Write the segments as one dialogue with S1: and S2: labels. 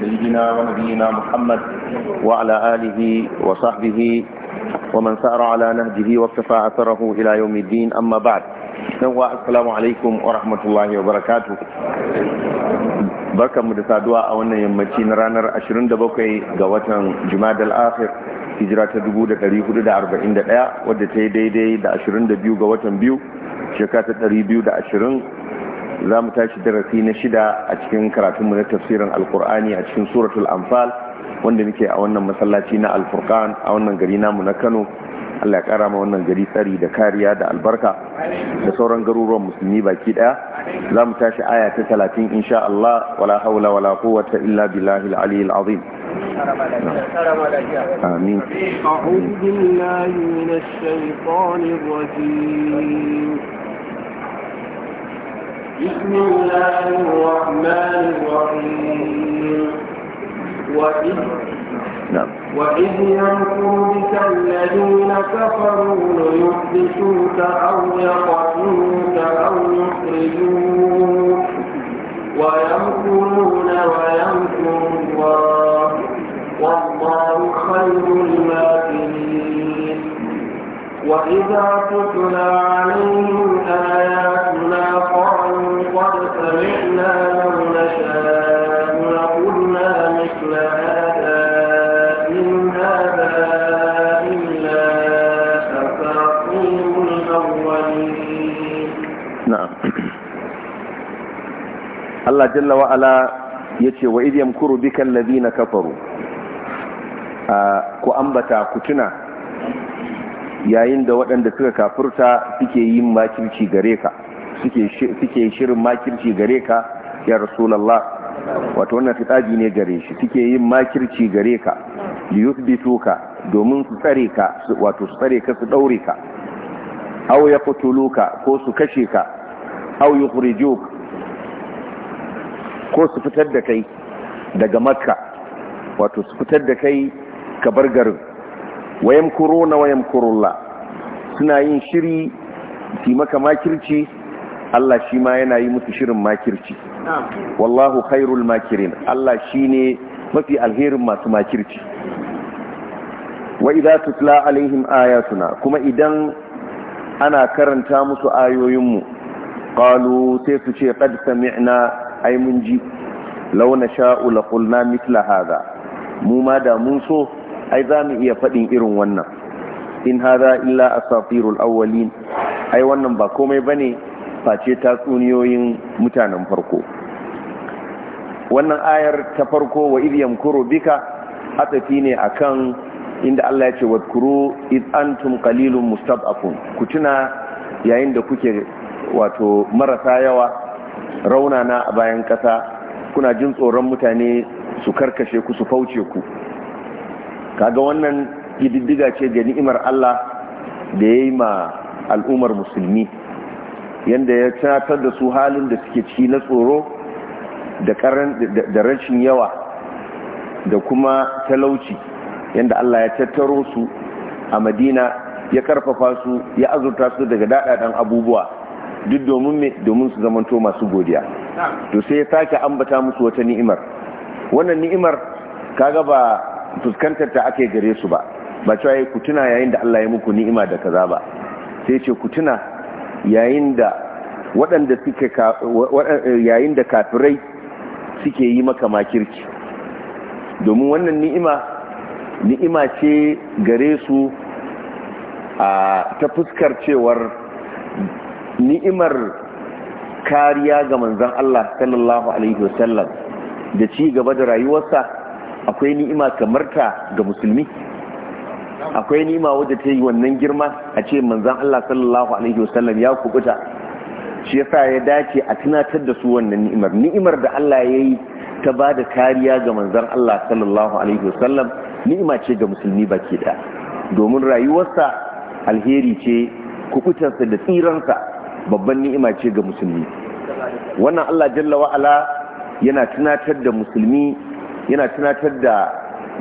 S1: سيدنا ونبينا محمد وعلى آله وصحبه ومن سار على نهجه واقتفى أثره إلى يوم الدين أما بعد نوى السلام عليكم ورحمة الله وبركاته barkanmu da saduwa a wannan yammaci na ranar 27 ga watan jumadal akhir hijira ta 1441 wadda ta daidai da 22 ga watan biyu shekara ta 220 za mu tashi darasi na shida a cikin karatunmu na tafsirin alkur'ani a cikin suratul amfal wanda muke a wannan masallaci na alfurkan a wannan gari namu na kano allah ya kara ma wannan gari tsari da kariya da albarka da sauran garuruwan musulmi baki daya za mu tashi aya ta talatin insha allah wala haula wala quwwata illa billahi al azim
S2: آمين أعوذ بالله من الشيطان الرجيم بسم الله الرحمن الرحيم وإذ نعم وإذ يمكر بك الذين كفروا ليحبسوك أو يقتلوك أو يخرجوك ويمكرون ويمكر الله والله خير الماكرين وإذا تتلى عليهم آياتنا قالوا قد سمعنا لو نشاء لقلنا مثل هذا إن هذا إلا أساطير الأولين
S1: نعم الله جل وعلا يتي وإذ يمكر بك الذين كفروا kafaru ku ambata yayin da waɗanda suka kafurta suke yin makirci gare ka suke shirin makirci gare ka ya rasulallah wato wannan fitaji ne gare shi suke yin makirci gare ka liyuthbitu ka domin su tsare ka wato su tsare ka su ɗaure ka aw ka ko su kashe ka au aw yukhrijuk ko su fitar da kai daga makka wato su fitar da kai ka bar garin wayan kuro na wayan kurulla suna yin shiri su maka makirci Allah shi ma yana yi musu shirin makirci wallahu khairul makirin Allah shi ne mafi alherin masu makirci wa idan tutla alaihim ayatuna kuma idan ana karanta musu ayoyinmu qalu sai su ce qad sami'na ay mun ji law nasha'u la qulna mithla hadha mu ma da mun so ai za mu iya faɗin irin wannan in hada illa asafirul awwalin ai wannan ba komai bane face tatsuniyoyin mutanen farko wannan ayar ta farko wa idh yamkuru bika atafi ne akan inda Allah ya ce wadkuru id antum qalilun mustad'afun ku tuna yayin da kuke wato marasa yawa raunana a bayan ƙasa kuna jin tsoron mutane su karkashe ku su fauce ku kaga wannan kididdiga ce da ni'imar Allah da ya yi ma al'ummar musulmi yadda ya tatar da su halin da suke ciki na tsoro da rashin yawa da kuma talauci yadda Allah ya tattaro su a madina ya karfafa su ya azurta su daga daɗaɗen abubuwa duk domin domin su zamanto masu godiya to sai ya sake ambata musu wata ni'imar wannan ni'imar kaga ba fuskantar ta ake gare su ba ba cewa yi kutuna yayin da Allah ya muku ni'ima da kaza ba sai ce kutuna yayin da waɗanda suke yayin da kafirai suke yi maka makirci domin wannan ni'ima ni'ima ce gare su a ta fuskar cewar ni'imar kariya ga manzon Allah sallallahu alaihi wasallam da ci gaba da rayuwarsa akwai ni'ima kamar ta ga musulmi akwai ni'ima wadda ta yi wannan girma a ce manzan Allah sallallahu alaihi wasallam ya kubuta shi yasa ya dace a tunatar da su wannan ni'imar ni'imar da Allah ya yi ta ba da kariya ga manzan Allah sallallahu alaihi wasallam ni'ima ce ga musulmi baki da domin rayuwarsa alheri ce kubutarsa da tsiransa babban ni'ima ce ga musulmi wannan Allah jalla wa'ala yana tunatar da musulmi yana tunatar da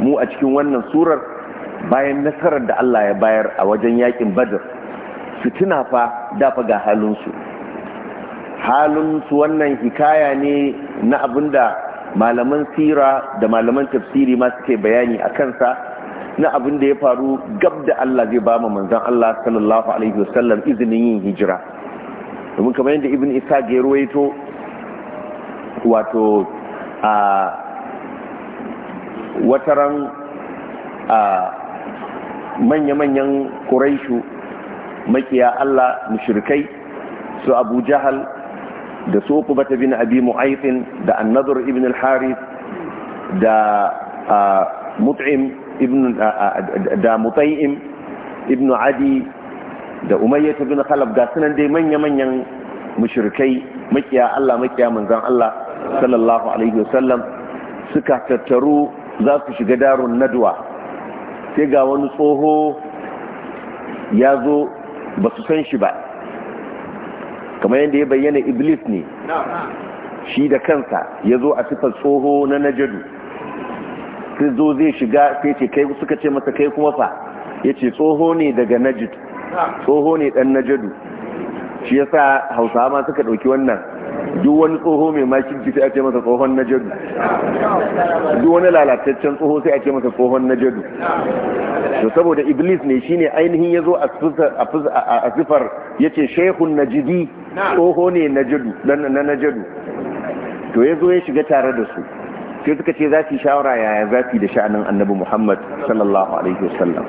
S1: mu a cikin wannan surar bayan nasarar da Allah ya bayar a wajen yakin badar su tuna fa dafa ga halinsu halinsu wannan hikaya ne na abinda malaman sira da malaman tafsiri ma suke bayani a kansa na abin da ya faru gab da Allah zai ba manzan Allah sallallahu alaihi wasallam izinin yin hijira domin kamar yadda ibn isa ga Yarwaito wato a wataran a manya-manyan ƙuraishu makiya Allah mushrikai su abu jahal da su uku bata bin abi mu'aifin da annadar ibn al-harith da mut'im ibn da mutai'im ibn adi da umayyah bin khalaf ga sunan dai manya-manyan mushrikai makiya Allah makiya manzan Allah sallallahu alaihi wasallam suka tattaru za su shiga darun nadwa sai ga wani tsoho ya zo ba su san shi ba kamar yadda ya bayyana iblis ne shi da kansa ya zo a sifar tsoho na najadu sai zo zai shiga sai ce kai suka ce masa kai kuma fa ya ce tsoho ne daga najid tsoho ne dan najadu shi yasa hausawa ma suka ɗauki wannan duk wani tsoho mai makinci sai ake masa tsohon na jadu duk wani lalataccen tsoho sai ake masa tsohon na jadu to saboda iblis ne shine ainihin ya zo a sifar ya ce shehun na jidi tsoho ne na jadu to ya zo ya shiga tare da su sai suka ce za su shawara yaya za su da sha'anin annabi muhammad sallallahu alaihi wasallam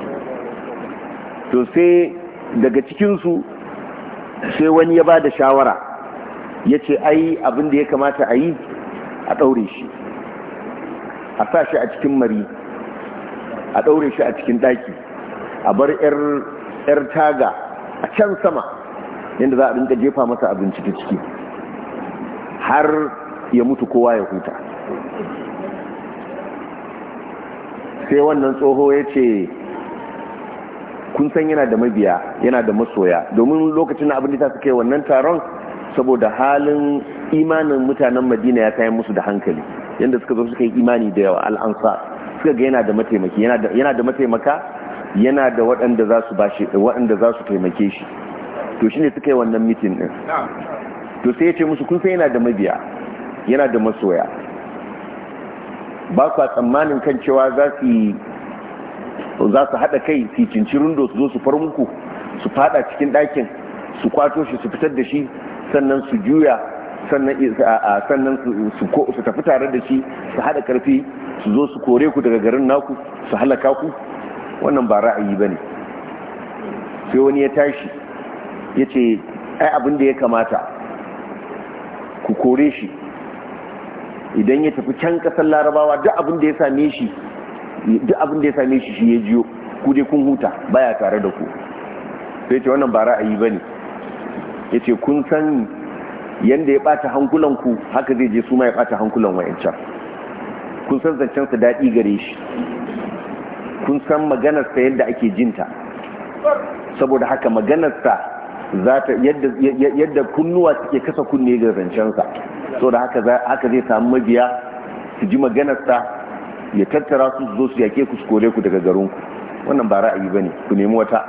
S1: to sai daga cikinsu sai wani ya ba da shawara ya ce ai abin da ya kamata a yi a ɗaure shi a sa shi a cikin mari a ɗaure shi a cikin ɗaki a bar 'yar taga a can sama yadda za a rinka jefa masa abinci ta ciki har ya mutu kowa ya huta sai wannan tsoho ya ce kun san yana da mabiya yana da masoya domin lokacin abin da ta suke wannan taron saboda halin imanin mutanen madina ya kayan musu da hankali yadda suka zo suka yi imani da yawa al'ansa suka ga yana da mataimaki yana da mataimaka yana da waɗanda za su bashi waɗanda za su taimake shi to shi ne suka yi wannan mitin ɗin. to sai ya ce musu kun sai yana da mabiya yana da masoya ba ku tsammanin kan cewa za su za su haɗa kai su cincirin da su zo su far muku su fada cikin ɗakin su kwato shi su fitar da shi sannan su juya sannan su tafi tare da shi su haɗa ƙarfi su zo su kore ku daga garin naku su halaka ku wannan ba ra'ayi ba ne sai wani ya tashi ya ce ai abin da ya kamata ku kore shi idan ya tafi can kasar larabawa duk abin da ya same shi duk abin da ya same shi shi ya jiyo ku dai kun huta baya tare da ku sai ce wannan ba ra'ayi ba ne yace kun san yanda ya bata hankulan ku haka zai je su ma ya bata hankulan wayancan kun san zancen sa dadi gare shi kun san maganar yadda ake jinta saboda haka maganar zata yadda yadda kunnuwa suke kasa kunne ga zancensa sa saboda haka haka zai samu mabiya su ji maganar ya tattara su zo su yake ku su kore ku daga garin ku wannan ba ra'ayi bane ku nemi wata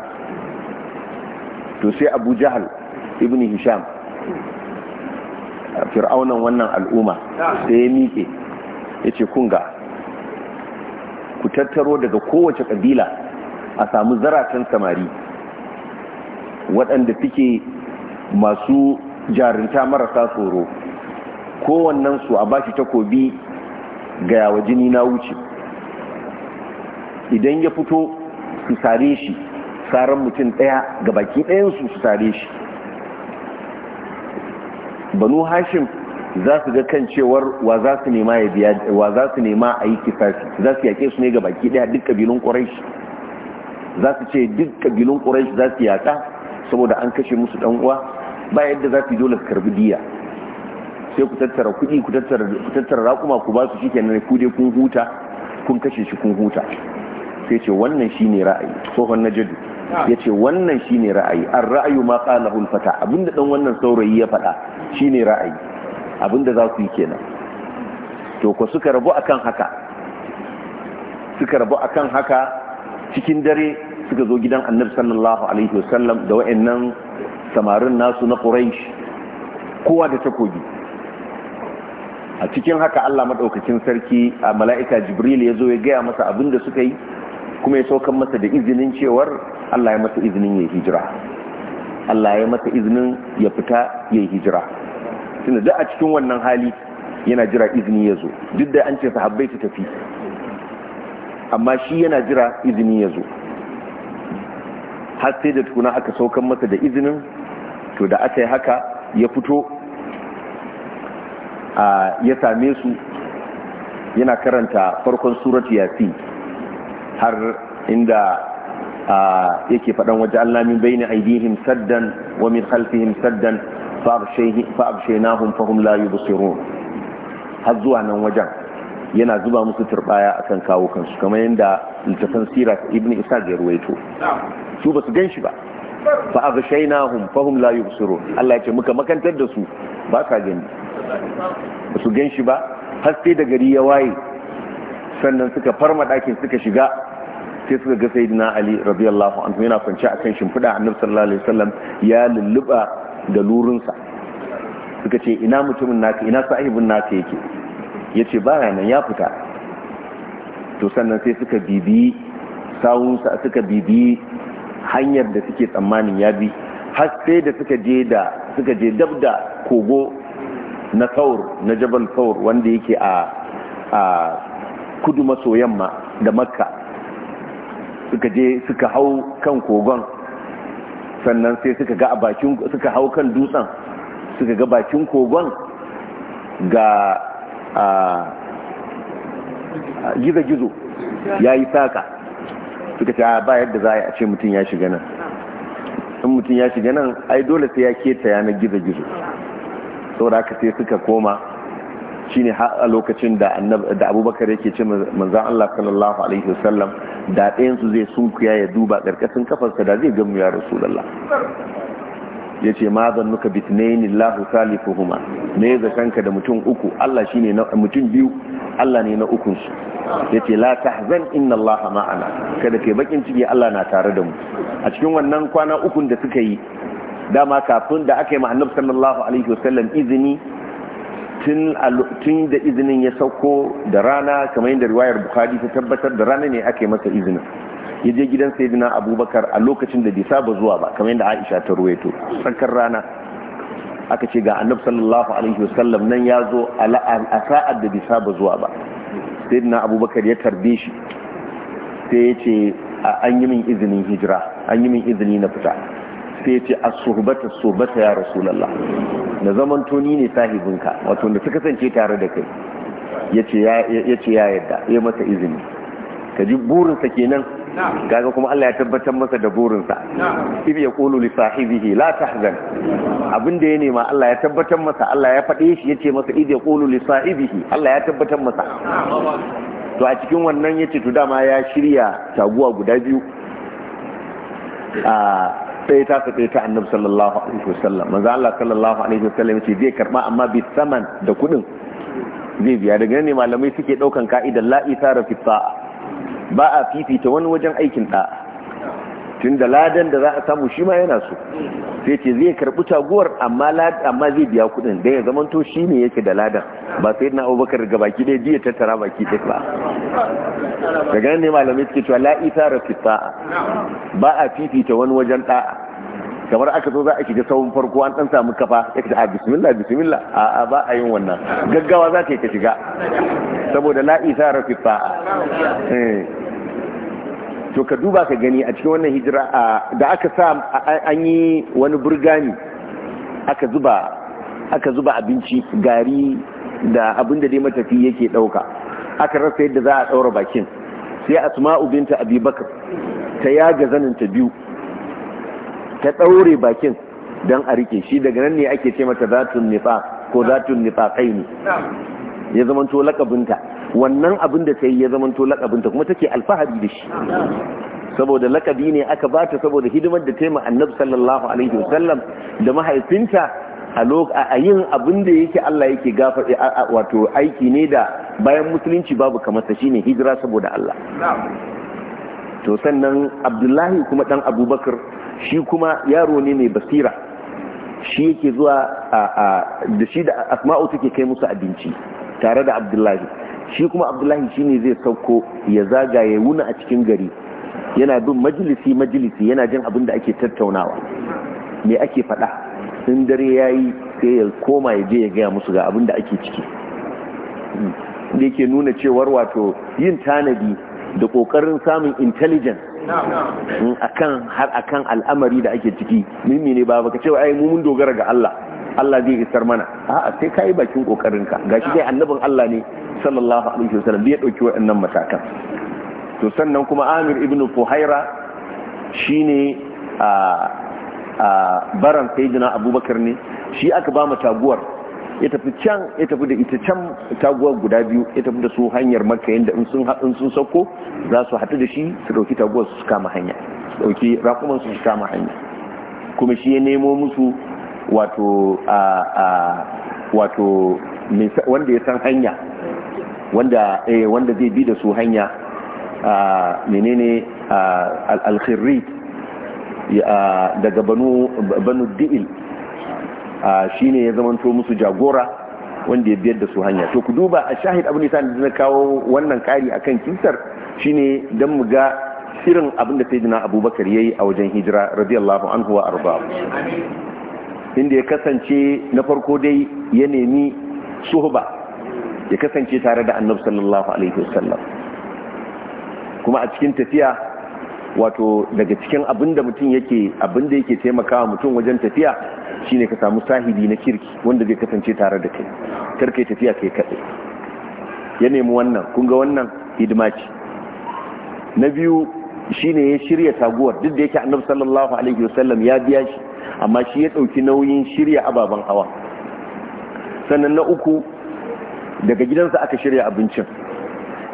S1: to sai Abu Jahal ibn hisham fir'aunan wannan al'umma sai ya miƙe ya ce kunga ku tattaro daga kowace ƙabila a samu zaratan samari waɗanda suke masu jarinta marasa tsoro kowannen su a bashi takobi ga yawa jini na wuce idan ya fito su sare shi saran mutum ɗaya ga baki ɗayansu su sare shi banu hashim za su ga kan cewar wa za su nema ya biya wa za su nema a yi kisasi za su yake su ne ga baki daya duk kabilun quraish za su ce duk kabilun quraish za su yaka saboda an kashe musu ɗan uwa ba yadda za su yi dole su karbi diya sai ku tattara kuɗi ku tattara raƙuma rakuma ku ba su shi kenan ku dai kun huta kun kashe shi kun huta sai ce wannan shi ne ra'ayi tsohon najadu Ya ce wannan shi ne ra'ayi an ra'ayu ma qalahu al fata abinda ɗan wannan saurayi ya faɗa shi ne ra'ayi abinda za su yi kenan to ko suka rabu akan haka suka rabu akan haka cikin dare suka zo gidan annabi sallallahu alaihi wasallam da wayannan samarin nasu na quraish kowa da takobi a cikin haka Allah madaukakin sarki a mala'ika jibril ya zo ya gaya masa abin da suka yi kuma ya saukan masa da izinin cewar Allah ya masa izinin ya hijira Allah ya masa izinin ya fita ya hijira suna da a cikin wannan hali yana jira izini ya zo duk da an ce sahabbai su tafi amma shi yana jira izini ya zo har sai da tukuna aka saukan masa da izinin to da aka yi haka ya fito ya same su yana karanta farkon suratu yasin har inda yake faɗan waje Allah min bayna aidihim saddan wa min khalfihim saddan fa abshaynahum fahum la yubsirun har zuwa nan wajen yana zuba musu turbaya akan kawo kansu kamar yadda littafin sirat ibn isa ya ruwaito su ba su gan shi ba fa aghshaynahum fahum la yubsirun Allah ya ce muka makantar da su ba ka gani ba su gan shi ba har sai da gari ya waye sannan suka farma ɗakin suka shiga sai suka ga sayyidina ali radiyallahu anhu yana kwance akan shimfida annabi sallallahu alaihi wasallam ya lulluba da suka ce ina mutumin naka ina sahibin naka yake yace baya nan ya fita to sannan sai suka bibi sawunsa suka bibi hanyar da suke tsammanin ya bi har sai da suka je da suka je dab kogo na saur na jabal saur wanda yake a a kudu maso yamma da makka suka je suka hau kan kogon sannan sai suka ga bakin suka hau kan dutsen suka ga bakin kogon ga gizo-gizo ya yi saka suka ce ba yadda za a ce mutum ya shiga nan in mutum ya shiga nan ai dole sai ya keta yanar gizo-gizo da haka sai suka koma shine har a lokacin da da abubakar yake ce manzan Allah sallallahu alaihi wasallam da ɗayan su zai kuya ya duba ƙarƙashin kafarsa da zai gamu ya rasulullah ya ce ma zan nuka bitnaini lahu salifuhuma ne zakanka da mutum uku Allah shine na mutum biyu Allah ne na ukunsu. su ce la tahzan inna Allah ma'ana kada kai bakin ciki Allah na tare da mu a cikin wannan kwana ukun da suka yi dama kafin da aka yi ma annabi sallallahu alaihi wasallam izini tun da izinin ya sauko da rana kamar yadda riwayar bukhari ta tabbatar da rana ne aka yi masa izinin ya je gidan sayyidina abubakar a lokacin da bai saba zuwa ba kamar yadda aisha ta ruwaito tsakar rana aka ce ga annabi sallallahu alaihi wasallam nan ya zo a sa'ad da bai saba zuwa ba sayyidina abubakar ya tarbe shi sai ya ce an yi min izinin hijira an yi min izini na fita sai ya ce a suhbata as-suhbata ya rasulallah na zaman toni ne sahibinka wato da suka kasance tare da kai ya ce ya yadda ya masa izini ka ji burinsa kenan gaga kuma Allah ya tabbatar masa da burinsa if ya qulu li sahibihi la tahzan abinda ya nema Allah ya tabbatar masa Allah ya faɗe shi yace masa if ya qulu li sahibihi Allah ya tabbatar masa to a cikin wannan yace to dama ya shirya taguwa guda biyu a ah, sai ta su ta annabi sallallahu alaihi wasallam manzo Allah sallallahu alaihi wasallam ce zai karba amma bi saman da kudin zai biya daga ne malamai suke daukan ka'idar la itara fi ba a fifita wani wajen aikin tun tunda ladan da za a samu shi ma yana so sai ce zai karɓi taguwar amma zai biya kudin dan ya zamanto shi ne yake da ladan ba sai na Abubakar ga baki dai biya tattara baki dai ba daga nan ne malamai suke cewa la ithara fi
S3: ba
S1: a fifita wani wajen da'a kamar aka zo za a shiga sauran farko an ɗan samu kafa ya kaji a bismillah bismillah a a ba a yin wannan gaggawa za ta yi ka shiga saboda la'i isa rafiqa fa'a. to ka duba ka gani a cikin wannan hijira da aka sa an yi wani burgani aka zuba abinci gari da abin da dai matafi yake dauka aka rasa yadda za a daura bakin sai asma'u binta abubakar ta yaga zanin ta biyu ta daure bakin don a rike shi daga nan ne ake ce mata zatun nifa ko zatun nifa kai ne ya zama to lakabinta wannan abin da ta yi ya zamanto lakabinta kuma take alfahari da shi saboda lakabi ne aka bata saboda hidimar da taimaka annabi sallallahu alaihi wasallam da mahaifinta a yin abin da yake Allah yake gafa wato aiki ne da bayan musulunci babu kamar sa shine hijira saboda Allah to sannan Abdullahi kuma dan Abubakar shi kuma yaro ne mai basira shi yake zuwa da shi da Asma'u take kai musu abinci tare da Abdullahi shi kuma abdullahi ne zai sauko ya zaga ya wuna a cikin gari yana bin majalisi majalisi yana jin abin da ake tattaunawa me ake faɗa in dare ya yi sai ya koma ya je ya gaya musu ga abin da ake ciki hmm. da yake nuna cewar wato yin tanadi da ƙoƙarin samun intelligence akan har akan al'amari da ake ciki mimi ne ba baka cewa ai mu mun dogara ga Allah Allah zai isar mana a'a sai ka yi bakin kokarinka gashi dai annabin Allah ne sallallahu alaihi wasallam bai dauki waɗannan matakan to sannan kuma Amir ibn Fuhaira shine a a baran sayyidina Abubakar ne shi aka ba mu taguwar ya tafi can ya tafi da ita can taguwar guda biyu ya tafi da su hanyar Makka yanda in sun haɗin sun sauko za su haɗu da shi su dauki taguwar su kama hanya dauki rakuman su kama hanya kuma shi ya nemo musu wato wato wanda ya san hanya wanda eh wanda zai bi da su hanya menene al khirri daga banu banu a shine ya zamanto musu jagora wanda ya biyar da su hanya to ku duba a shahid abu nisan da kawo wannan kari akan kisar shine dan mu ga shirin abinda da sayyidina abubakar yayi a wajen hijira radiyallahu anhu wa arba'a inda ya kasance na farko dai ya nemi suhba ya kasance tare da annabi sallallahu alaihi wasallam kuma a cikin tafiya wato daga cikin abinda mutum yake abinda yake taimakawa mutum wajen tafiya shine ka samu sahibi na kirki wanda zai kasance tare da kai karkai tafiya kai kaɗai ya nemi wannan kun ga wannan hidima ce na biyu shine ya shirya taguwar duk da yake annabi sallallahu alaihi wasallam ya biya shi amma shi ya ɗauki nauyin shirya ababen hawa sannan na uku daga gidansa aka shirya abincin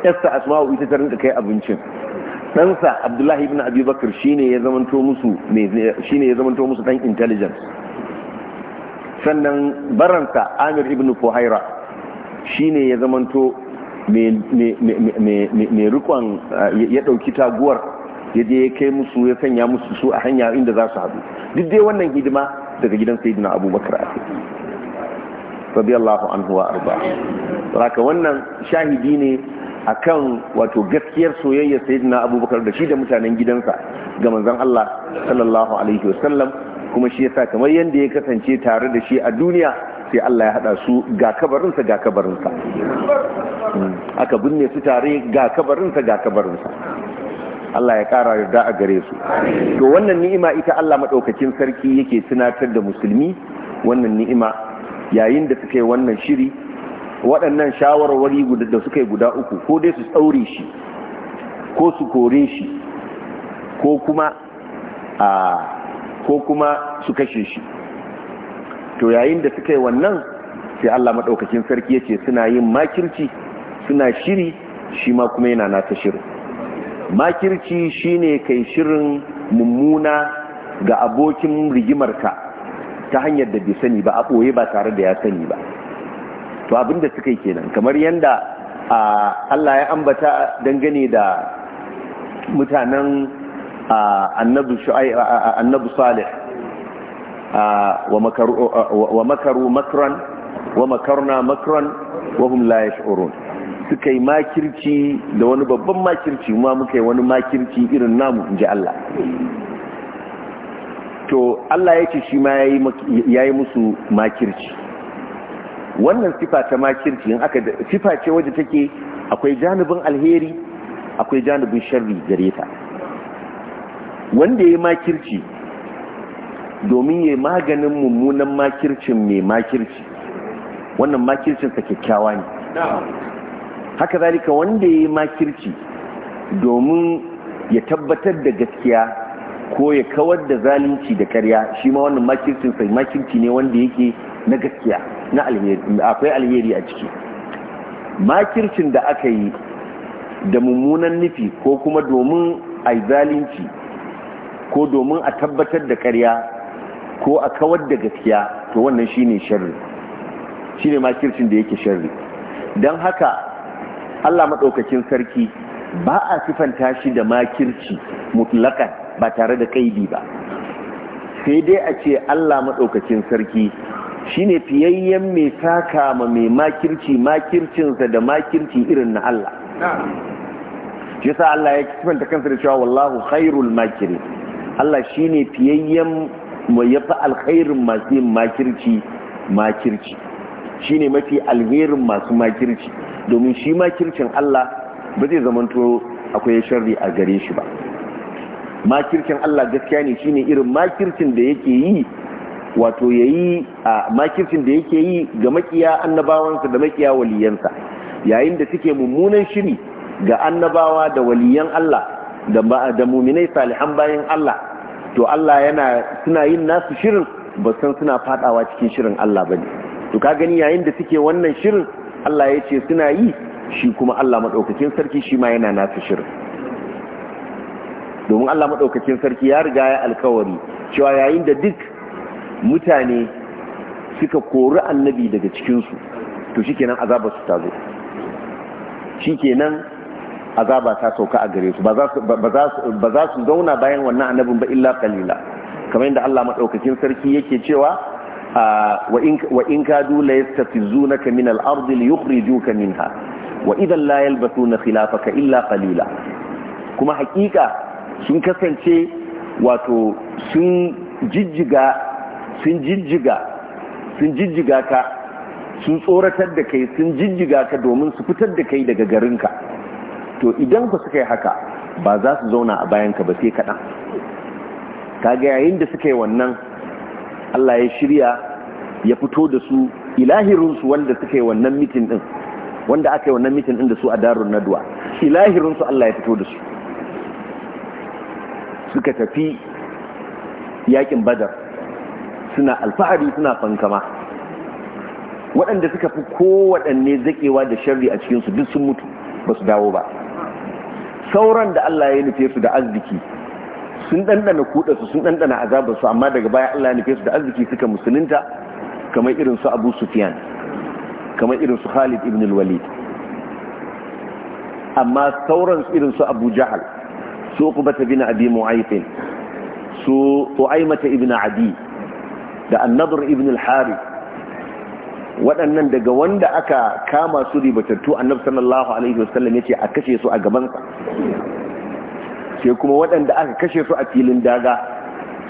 S1: yarsa asma'u ita ta rinka kai abincin ɗansa abdullahi ibn abubakar shine ya zamanto musu shine ya zamanto musu dan intelligence sannan baransa amir ibn fuhaira shine ya zamanto mai rikon ya ɗauki taguwar ya je ya kai musu ya sanya musu su a hanya inda za su haɗu duk dai wannan hidima daga gidan sayyidina abubakar a sabi radiyallahu anhu wa arba haka wannan shahidi ne kan wato gaskiyar soyayyar sayyidina abubakar da shi da mutanen gidansa ga manzan Allah sallallahu alaihi wasallam kuma shi yasa kamar yadda ya kasance tare da shi a duniya sai Allah ya hada su ga kabarinsa ga kabarinsa
S3: hmm.
S1: aka binne su tare ga kabarinsa ga kabarinsa Allah ya ƙara yarda a gare su to wannan ni'ima ita Allah maɗaukakin sarki yake tunatar da musulmi wannan ni'ima yayin da suka yi wannan shiri waɗannan shawarwari da suka yi guda uku ko dai su tsaure shi ko su kore shi ko kuma a ko kuma su kashe shi to yayin da suka yi wannan sai Allah maɗaukakin sarki ya suna yin makirci suna shiri shi ma kuma yana ta shirin makirci shine kai shirin mummuna ga abokin rigimarka ta hanyar da bai sani ba a ɓoye ba tare da ya sani ba to abinda suka yi kenan kamar yadda Allah ya ambata dangane da mutanen annabu salih wa makaru makron wa makarna makran wa hum la suka yi makirci da wani babban makirci ma muka yi wani makirci irin namu in ji Allah to Allah ya ce shi ma ya yi musu makirci wannan sifa ta makirci in aka sifa ce waje take akwai janibin alheri akwai janibin sharri gare ta wanda ya yi makirci domin ya maganin mummunan makircin mai makirci wannan makircinsa kyakkyawa ne haka zalika wanda ya yi makirci domin ya tabbatar da gaskiya ko ya kawar da zalunci da karya shi ma wannan makircin sai makirci ne wanda yake na gaskiya na alheri akwai alheri a ciki makircin da aka yi da mummunan nufi ko kuma domin a zalunci ko domin a tabbatar da karya ko a kawar da gaskiya to wannan shine sharri shine makircin da yake sharri don haka Allah maɗaukacin sarki ba a sifanta shi da makirci mutlakan ba tare da kaidi ba sai dai a ce Allah maɗaukakin sarki shi ne fiyayyen mai saka ma mai makirci makircinsa da makirci irin na Allah shi sa Allah ya sifanta kansa da cewa wallahu khairul makirin Allah shi ne fiyayyen mai yafi alkhairin masu yin makirci makirci shine mafi alherin masu makirci domin shi makircin Allah ba zai zamanto akwai sharri a gare shi ba makircin Allah gaskiya ne shine irin makircin da yake yi wato yayi a makircin da yake yi ga makiya annabawansa da makiya waliyansa yayin da suke mummunan shiri ga annabawa da waliyan Allah da muminai salihan bayan Allah to Allah yana suna yin nasu shirin ba san suna fadawa cikin shirin Allah bane to ka gani yayin da suke wannan shirin Allah ya ce suna yi shi kuma Allah maɗaukakin sarki shi ma yana nasu shirin domin Allah maɗaukakin sarki ya riga ya alkawari cewa yayin da duk mutane suka kori annabi daga cikinsu to shi kenan azaba su tazo shi azaba ta sauka a gare su ba za su zauna bayan wannan annabin ba illa kalila kamar yadda Allah maɗaukakin sarki yake cewa wa in kadu la yastafizunaka min al-ardi liyukhrijuka minha wa idan la na khilafaka illa kalila kuma hakika sun kasance wato sun jijjiga sun ka sun tsoratar da kai sun jijjiga ka domin su fitar da kai daga garinka to idan ba suka haka ba za su zauna a bayanka ba sai kaɗan ka ga yayin da suka yi wannan Allah ya shirya ya fito da su ilahirinsu wanda suka yi wannan mitin din wanda aka yi wannan mitin din da su a darun nadwa ilahirinsu Allah ya fito da su suka tafi yakin badar suna alfahari suna fankama waɗanda suka fi kowaɗanne zaƙewa da sharri a cikinsu duk sun mutu ba su dawo ba sauran da Allah ya nufe su da arziki sun ɗanɗana kuɗarsu sun ɗanɗana azabarsu amma daga baya Allah ya nufe su da arziki suka musulunta kamar irin su Abu Sufyan kamar irin su Khalid ibn al-Walid amma sauran irin su Abu Jahal su Uqbah bin Abi Mu'ayth su Uaymah ibn Adi da An-Nadr ibn al-Harith waɗannan daga wanda aka kama su ribatattu annabi sallallahu alaihi wasallam yace a kashe su a gaban sa sai kuma waɗanda aka kashe su a filin daga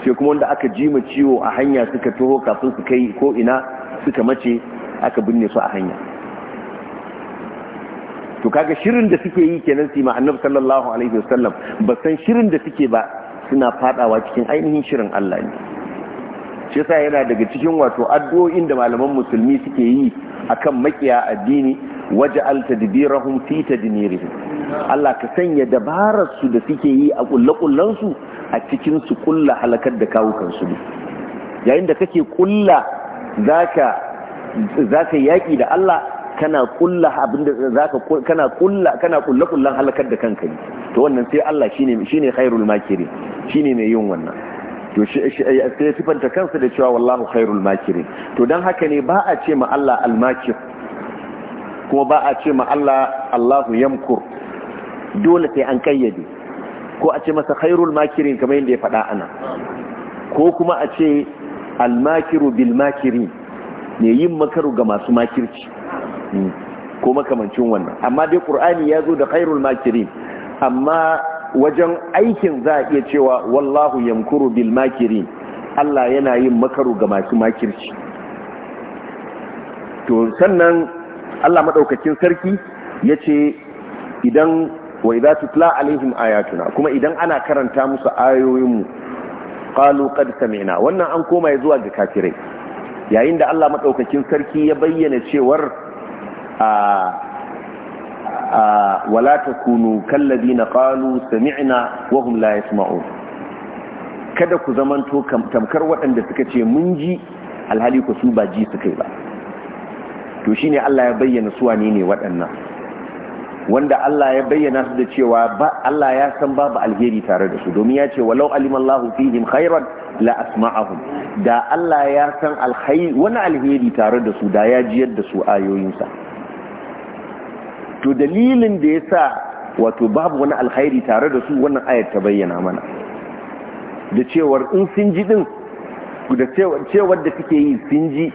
S1: sai kuma wanda aka ji mu ciwo a hanya suka toho kafin su kai ko ina suka mace aka binne su a hanya to kaga shirin da suke yi kenan si ma annabi sallallahu alaihi wasallam ba san shirin da suke ba suna fadawa cikin ainihin shirin Allah ne shi yana daga cikin wato addu'o'in da malaman musulmi suke yi akan makiya addini waj'al tadbirahum fi tadmirihim Allah ka sanya dabarar su da suke yi a kullakullan su a cikin su kulla halakar da kawukansu ne. yayin da kake kulla zaka zaka yaki da Allah kana kulla abinda zaka kana kulla kana kullakullan halakar da kanka ne to wannan sai Allah shine shine khairul makiri shine mai yin wannan to sai sifanta kansa da cewa wallahu khairul makirin to dan haka ne ba a ce ma Allah al-makir kuma ba a ce ma Allah Allahu yamkur dole sai an kayyade ko a ce masa khairul makirin kamar yadda ya faɗa ana ko kuma a ce almakiru bil makirin ne yin makaru ga masu makirci hmm. ko makamancin wannan amma dai qur'ani ya zo da khairul makirin amma wajen aikin za a iya cewa wallahu yamkuru bil makirin Allah yana yin makaru ga masu makirci to sannan Allah maɗaukakin sarki ya ce idan wa idza tutla alaihim ayatuna kuma idan ana karanta musu ayoyinmu qalu qad sami'na wannan an koma zuwa ga kafirai yayin da Allah maɗaukakin sarki ya bayyana cewar a wala takunu kalladina qalu sami'na wa hum la yasma'un kada ku zamanto tamkar waɗanda suka ce mun ji alhali ku su ba ji suka yi ba to shine Allah ya bayyana su wane ne waɗannan wanda Allah ya bayyana su da cewa Allah ya san babu alheri tare da su domin ya ce walau alimallahu fihim khairan la asma'ahum da Allah ya san alhai wani alheri tare da su da ya jiyar da su ayoyinsa to dalilin da ya sa wato babu wani alheri tare da su wannan ayar ta bayyana mana da cewar in sun ji din da cewar da take yi sun ji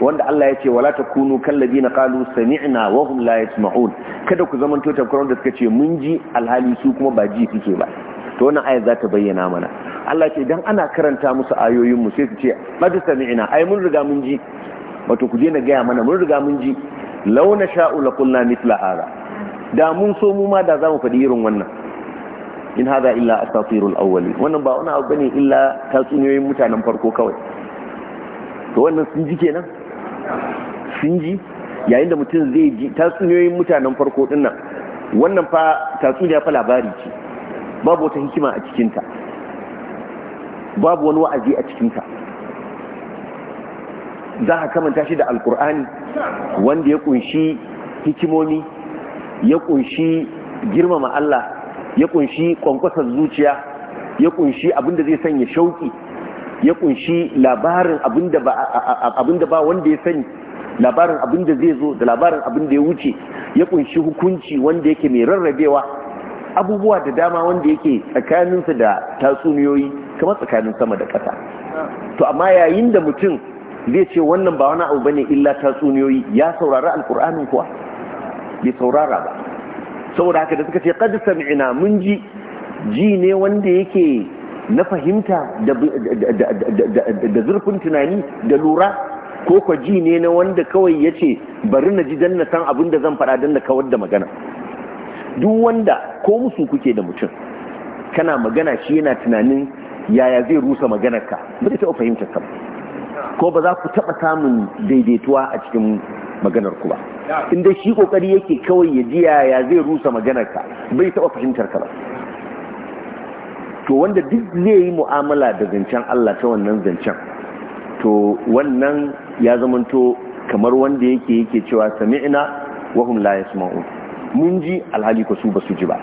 S1: wanda Allah ya ce wala takunu kalladina qalu sami'na wa hum la yasma'un kada ku zamanto tafkar da suka ce mun ji alhali su kuma ba ji suke ba to wannan ayat za ta bayyana mana Allah ce dan ana karanta musu ayoyin mu sai su ce qad sami'na ai mun riga mun ji wato ku je na gaya mana mun riga mun ji law na sha'u la qulna mithla da mun so mu ma da za mu faɗi irin wannan in hada illa asatirul awwali wannan ba wani abu bane illa tatsuniyoyin mutanen farko kawai to wannan sun ji kenan sun ji yayin da mutum zai ji tatsuniyoyin mutanen farko din wannan fa tatsuniya fa labari ce babu wata hikima a cikinta babu wani wa'azi a cikinta za a kamanta shi da alkur'ani wanda ya kunshi hikimomi ya kunshi girmama Allah ya kunshi kwankwasar zuciya ya kunshi abinda zai sanya shauki ya kunshi labarin abinda ba wanda ya sani labarin abinda zai zo da labarin abinda ya wuce ya kunshi hukunci wanda yake mai rarrabewa abubuwa da dama wanda yake tsakaninsa da tatsuniyoyi kamar tsakanin sama da ƙasa to amma yayin da mutum zai ce wannan ba wani abu bane illa tatsuniyoyi ya saurari alkur'anin kuwa bai saurara ba saboda haka da suka ce qad ina mun ji ji ne wanda yake na fahimta da zurfin tunani da lura ko kwa ji ne na wanda kawai ya ce bari na ji don na san abin da zan faɗa don na kawar da magana duk wanda ko musu kuke da mutum kana magana shi yana tunanin yaya zai rusa maganarka ba zai taɓa fahimtar ka ko ba za ku taɓa samun daidaituwa a cikin maganar ku ba in dai shi kokari yake kawai ya ji yaya zai rusa maganarka bai taɓa fahimtar ka ba to wanda duk zai yi mu'amala da zancen Allah ta wannan zancen to wannan ya zamanto kamar wanda yake yake cewa sami'na wa hum la yasma'un mun ji alhali ko su basu ji ba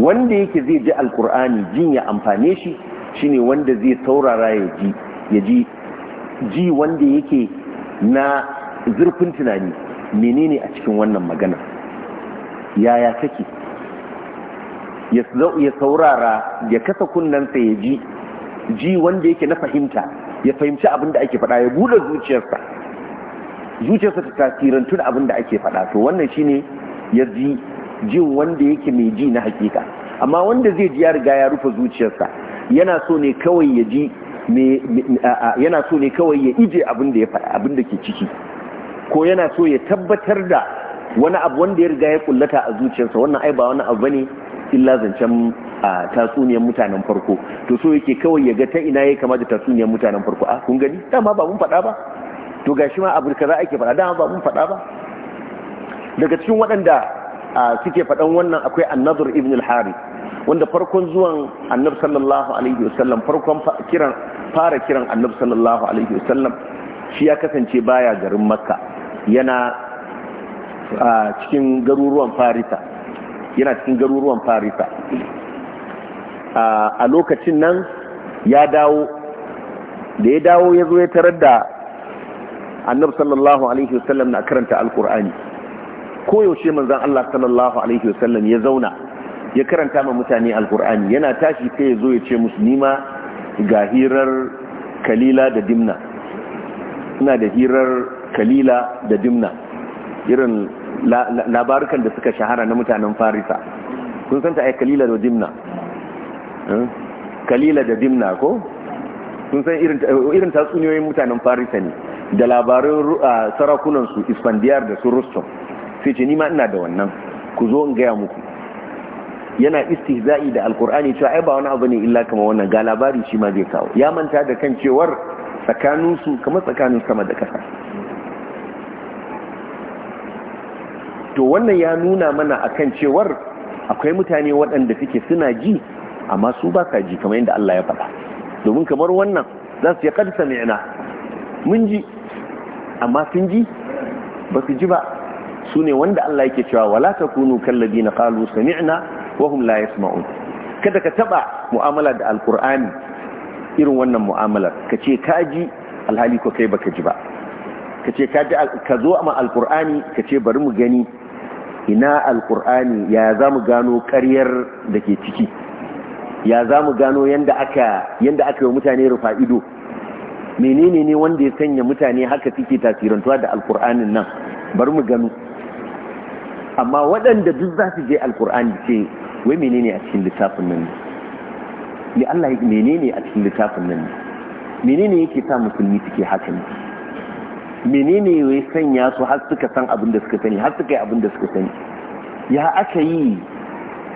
S1: wanda yake zai ji alkur'ani jin ya amfane shi shine wanda zai saurara ya ji ya ji ji wanda yake na zurfin tunani menene a cikin wannan magana yaya take ya saurara ya kasa kunnensa ya ji ji wanda yake na fahimta ya fahimci abin da ake faɗa ya buɗe zuciyarsa zuciyarsa ta tasirin tun abin da ake faɗa to wannan shi ne ya ji jin wanda yake mai ji na hakika amma wanda zai ji ya riga ya rufe zuciyarsa yana so ne kawai ya ji yana so ne kawai ya ije abin abin ke ciki ko yana so ya tabbatar da wani abu wanda ya riga ya kullata a zuciyarsa wannan ai ba wani abu bane illa zancen a tatsuniyar mutanen farko to so yake kawai ya ga ta ina ya kama da tatsuniyar mutanen farko a ah, kun gani dama ba mun faɗa ba to ga shi ma abu kaza ake faɗa dama ba mun faɗa ba daga cikin waɗanda suke faɗan wannan akwai annadur ibn al hari wanda farkon zuwan annabi sallallahu alaihi wasallam farkon kiran fara kiran annabi sallallahu alaihi wasallam shi ya kasance baya garin makka yana cikin garuruwan farisa yana cikin garuruwan farisa a lokacin nan ya dawo da ya dawo ya zo ya tarar da annab sallallahu alaihi wasallam na karanta alkur'ani yaushe manzan Allah sallallahu alaihi wasallam ya zauna ya karanta ma mutane alkur'ani yana tashi sai ya zo ya ce musu nima ga hirar kalila da dimna ina da hirar kalila da dimna irin labarukan da suka shahara na mutanen farisa sun santa ai kalila da dimna eh? kalila da dimna ko sun san irin tatsuniyoyin mutanen farisa ne da labarin sarakunansu ispandiyar da su rustum sai ce nima ina da wannan ku zo in gaya muku yana istihza'i da alkur'ani cewa ai ba wani abu ne illa kama wannan ga labari shi ma zai kawo ya manta da kan cewar tsakaninsu kamar tsakanin sama da kasa to wannan ya nuna mana akan cewar akwai mutane waɗanda suke suna ji amma su ba ka ji kamar yadda Allah ya faɗa domin kamar wannan za su ya kad sami'na mun ji amma sun ji ba su ji ba su ne wanda Allah yake cewa wala takunu kalladina qalu sami'na wa hum la yasma'un kada ka taba mu'amala da alqur'ani irin wannan mu'amala ka ce ka ji alhali ko kai baka ji ba ka ce ka ji ka zo ma alqur'ani ka ce bari mu gani ina alkur'ani ya za mu gano karyar da ke ciki ya za mu gano yadda aka yi wa mutane rufa ido menene ne wanda ya sanya mutane haka suke tasirantuwa da alkur'anin nan bar mu gano amma waɗanda duk za su je alkur'ani ce wai menene a cikin littafin nan ne Allah menene a cikin littafin nan ne menene yake sa musulmi suke haka ne menene ya sanya su har suka san abin da suka sani har suka yi abin da suka sani ya aka yi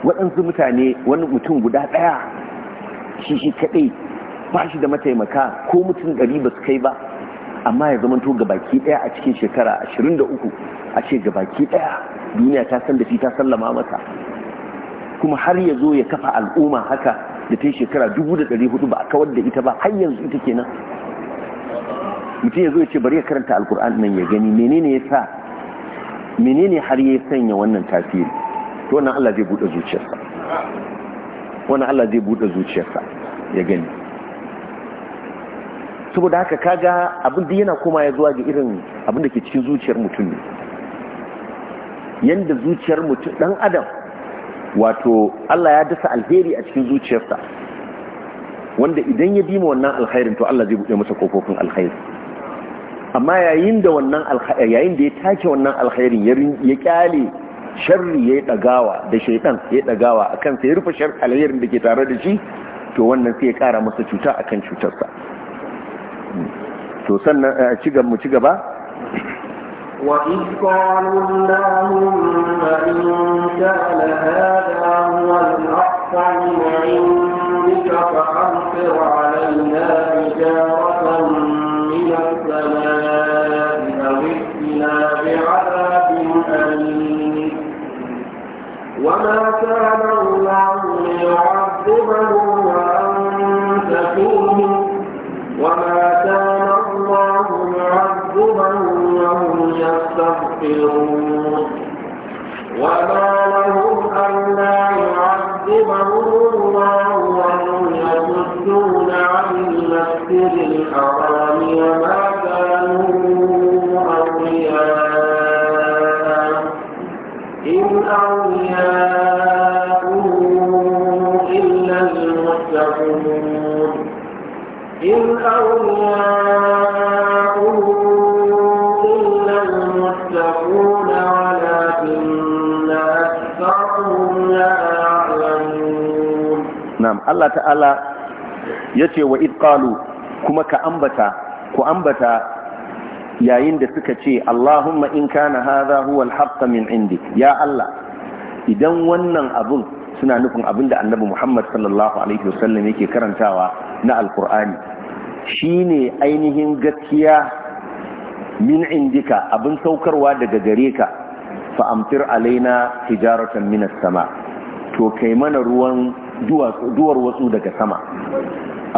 S1: waɗansu mutane wani mutum guda ɗaya shi shi kaɗai ba shi da mataimaka ko mutum ɗari ba su kai ba amma ya zama to gabaki ɗaya a cikin shekara ashirin da uku a ce gabaki ɗaya duniya ta san da shi ta sallama masa kuma har ya zo ya kafa al'umma haka da ta yi shekara dubu da ba a kawar da ita ba har yanzu ita kenan mutum ya zo ce bari ya karanta alkur'an nan ya gani menene ya sa menene har ya sanya wannan tasiri to wannan Allah zai bude zuciyarsa wannan Allah zai bude zuciyarsa ya gani saboda haka kaga abin da yana koma ya zuwa ga irin abin da ke cikin zuciyar mutum ne yanda zuciyar mutum dan adam wato Allah ya dasa alheri a cikin zuciyarsa wanda idan ya bi wannan alkhairin to Allah zai buɗe masa kofofin alkhairi amma yayin da wannan yayin da ya take wannan alkhairin ya kyale sharri ya dagawa da shaytan ya dagawa akan sai ya rufe shar alkhairin da ke tare da shi to wannan sai ya kara masa cuta akan cutarsa to sannan a eh, ci gaba mu ci gaba
S2: wa قالوا اللهم إن كان هذا هو الحق من عندك فأمطر علينا وما كان الله ليعذبهم وأنت فيهم وما كان الله معذبهم وهم يستغفرون وما لهم ألا يعذبهم الله وهم يصدون عن المسجد الحرام وما كانوا
S1: Allah ta'ala ya ce wa idqalu kuma ka ambata yayin da suka ce Allahumma in kana hadha huwa al min indik ya Allah idan wannan abun suna nufin abin da Annabi Muhammad sallallahu alaihi wasallam yake karantawa na alqur'ani shine ainihin gaskiya min indika abin saukarwa daga gare ka fa amtir alaina hijaratan min sama to kai mana ruwan duwar wasu daga sama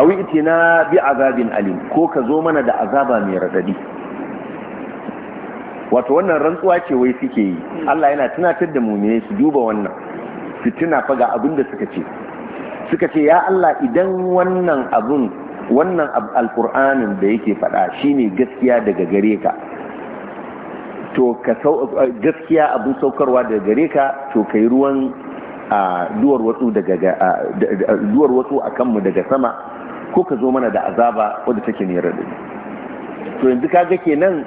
S1: awi itina bi azabin alim ko ka zo mana da azaba mai radadi wato wannan rantsuwa ce wai suke yi Allah yana tunatar da mumine su duba wannan su tuna fa ga abin da suka ce suka ce ya Allah idan wannan abun wannan alkur'anin da yake faɗa shine gaskiya daga gare ka to ka gaskiya abin saukarwa daga gare ka to kai ruwan duwar watsu daga duwar daga sama ko ka zo mana da azaba wadda take ne radadi to yanzu kaga kenan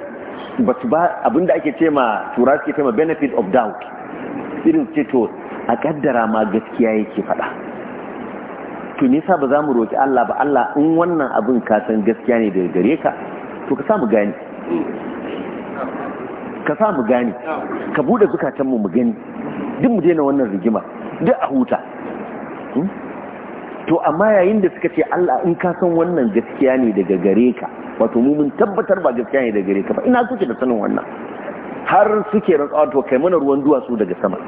S1: ke nan, ba abinda ake ce ma tura suke ce ma benefit of doubt irin ce to a kaddara ma gaskiya yake faɗa to me yasa ba za mu roki Allah ba Allah in wannan abin ka san gaskiya ne daga gare ka to ka sa mu gani ka sa mu gani ka bude zukatan mu mu gani duk mu daina wannan rigima duk a huta hmm? to amma yayin da suka ce Allah in ka san wannan gaskiya ne daga gare ka wato mu mun tabbatar ba gaskiya ne daga gare ka ba ina kuke da sanin wannan har suke rantsawa to kai mana ruwan duwatsu daga sama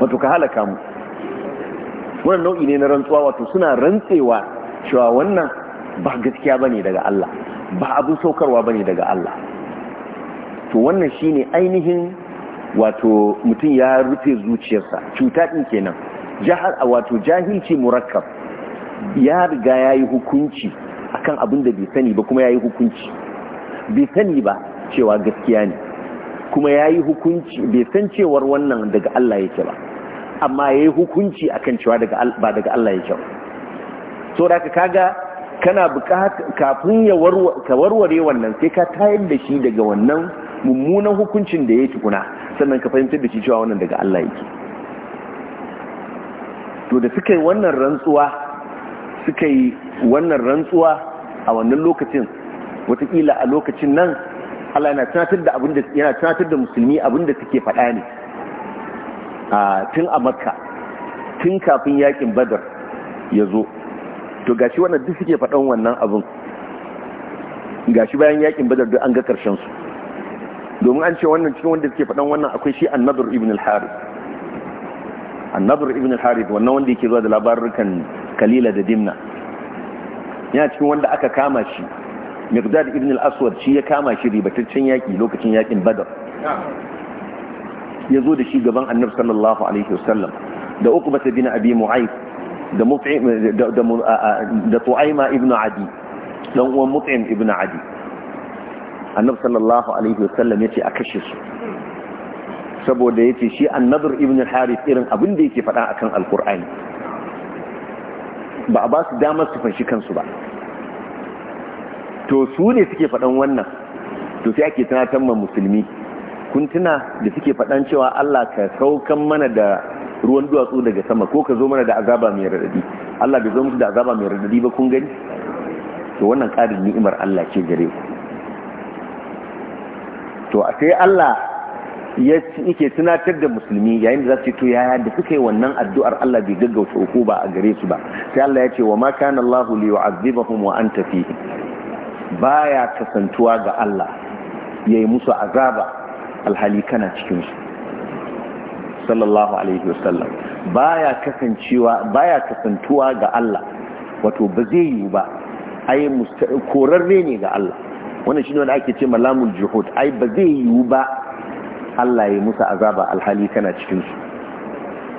S1: wato ka halaka mu wannan nau'i ne na rantsuwa wato suna rantsewa cewa wannan ba gaskiya bane daga Allah ba abin saukarwa bane daga Allah to wannan shi ne ainihin wato mutum ya rufe zuciyarsa cuta ɗin kenan a wato jahilci murakkab ya riga ya yi hukunci akan abin da bai sani ba kuma ya yi hukunci bai sani ba cewa gaskiya ne kuma ya yi hukunci bai san cewar wannan daga Allah yake ba amma ya yi hukunci a kan cewa ba daga Allah ya kyau so da ka kaga kana kafin ka warware wannan sai ka tayar da shi daga wannan mummunan hukuncin da ya yi tukuna sannan ka fahimtar da shi cewa wannan daga Allah ke. to da suka yi wannan rantsuwa suka yi wannan rantsuwa a wannan lokacin watakila a lokacin nan Allah yana tunatar da yana tunatar da musulmi abin da suke faɗa ne a tun a makka tun kafin yakin badar ya zo to gashi wannan duk suke faɗan wannan abin gashi bayan yakin badar duk an ga karshen su domin an ce wannan cikin wanda suke faɗan wannan akwai shi annadur ibn al-harith annadur ibn al-harith wannan wanda yake zuwa da labarukan kalila da dimna yana cikin wanda aka kama shi miqdad ibn al-aswad shi ya kama shi ribataccen yaki lokacin yakin badar ya zo da shi gaban annab sallallahu alaihi wasallam da uku uqba bin abi mu'ayth da mut'im da da tu'aima ibn adi dan uwan mut'im ibn adi annabi sallallahu alaihi wasallam yace a kashe su saboda yace shi annadir ibnu harith irin abin da yake fada akan alqur'ani ba a ba su damar su fanshi kansu ba to su ne suke fadan wannan to sai ake tunatar ma musulmi Kuntuna da suke faɗan cewa Allah ka saukan mana da ruwan duwatsu daga sama ko ka zo mana da azaba mai radadi Allah bai zo musu da azaba mai radadi ba kun gani to wannan ƙarin ni'imar Allah ce gare ku to a sai Allah ya yake tunatar da musulmi yayin da za su to yaya da suka yi wannan addu'ar Allah bai gaggauta uku ba a gare su ba sai Allah ya ce wa ma kana Allah li yu'azzibahum wa anta fihi baya kasantuwa ga Allah yayi musu azaba alhali kana cikinsu sallallahu alaihi wasallam baya kasancewa baya kasantuwa ga Allah wato ba zai yi ba ai korarre ne ga Allah wannan shine wanda ake ce malamul juhud ai ba zai yi ba Allah ya musa azaba alhali kana cikin su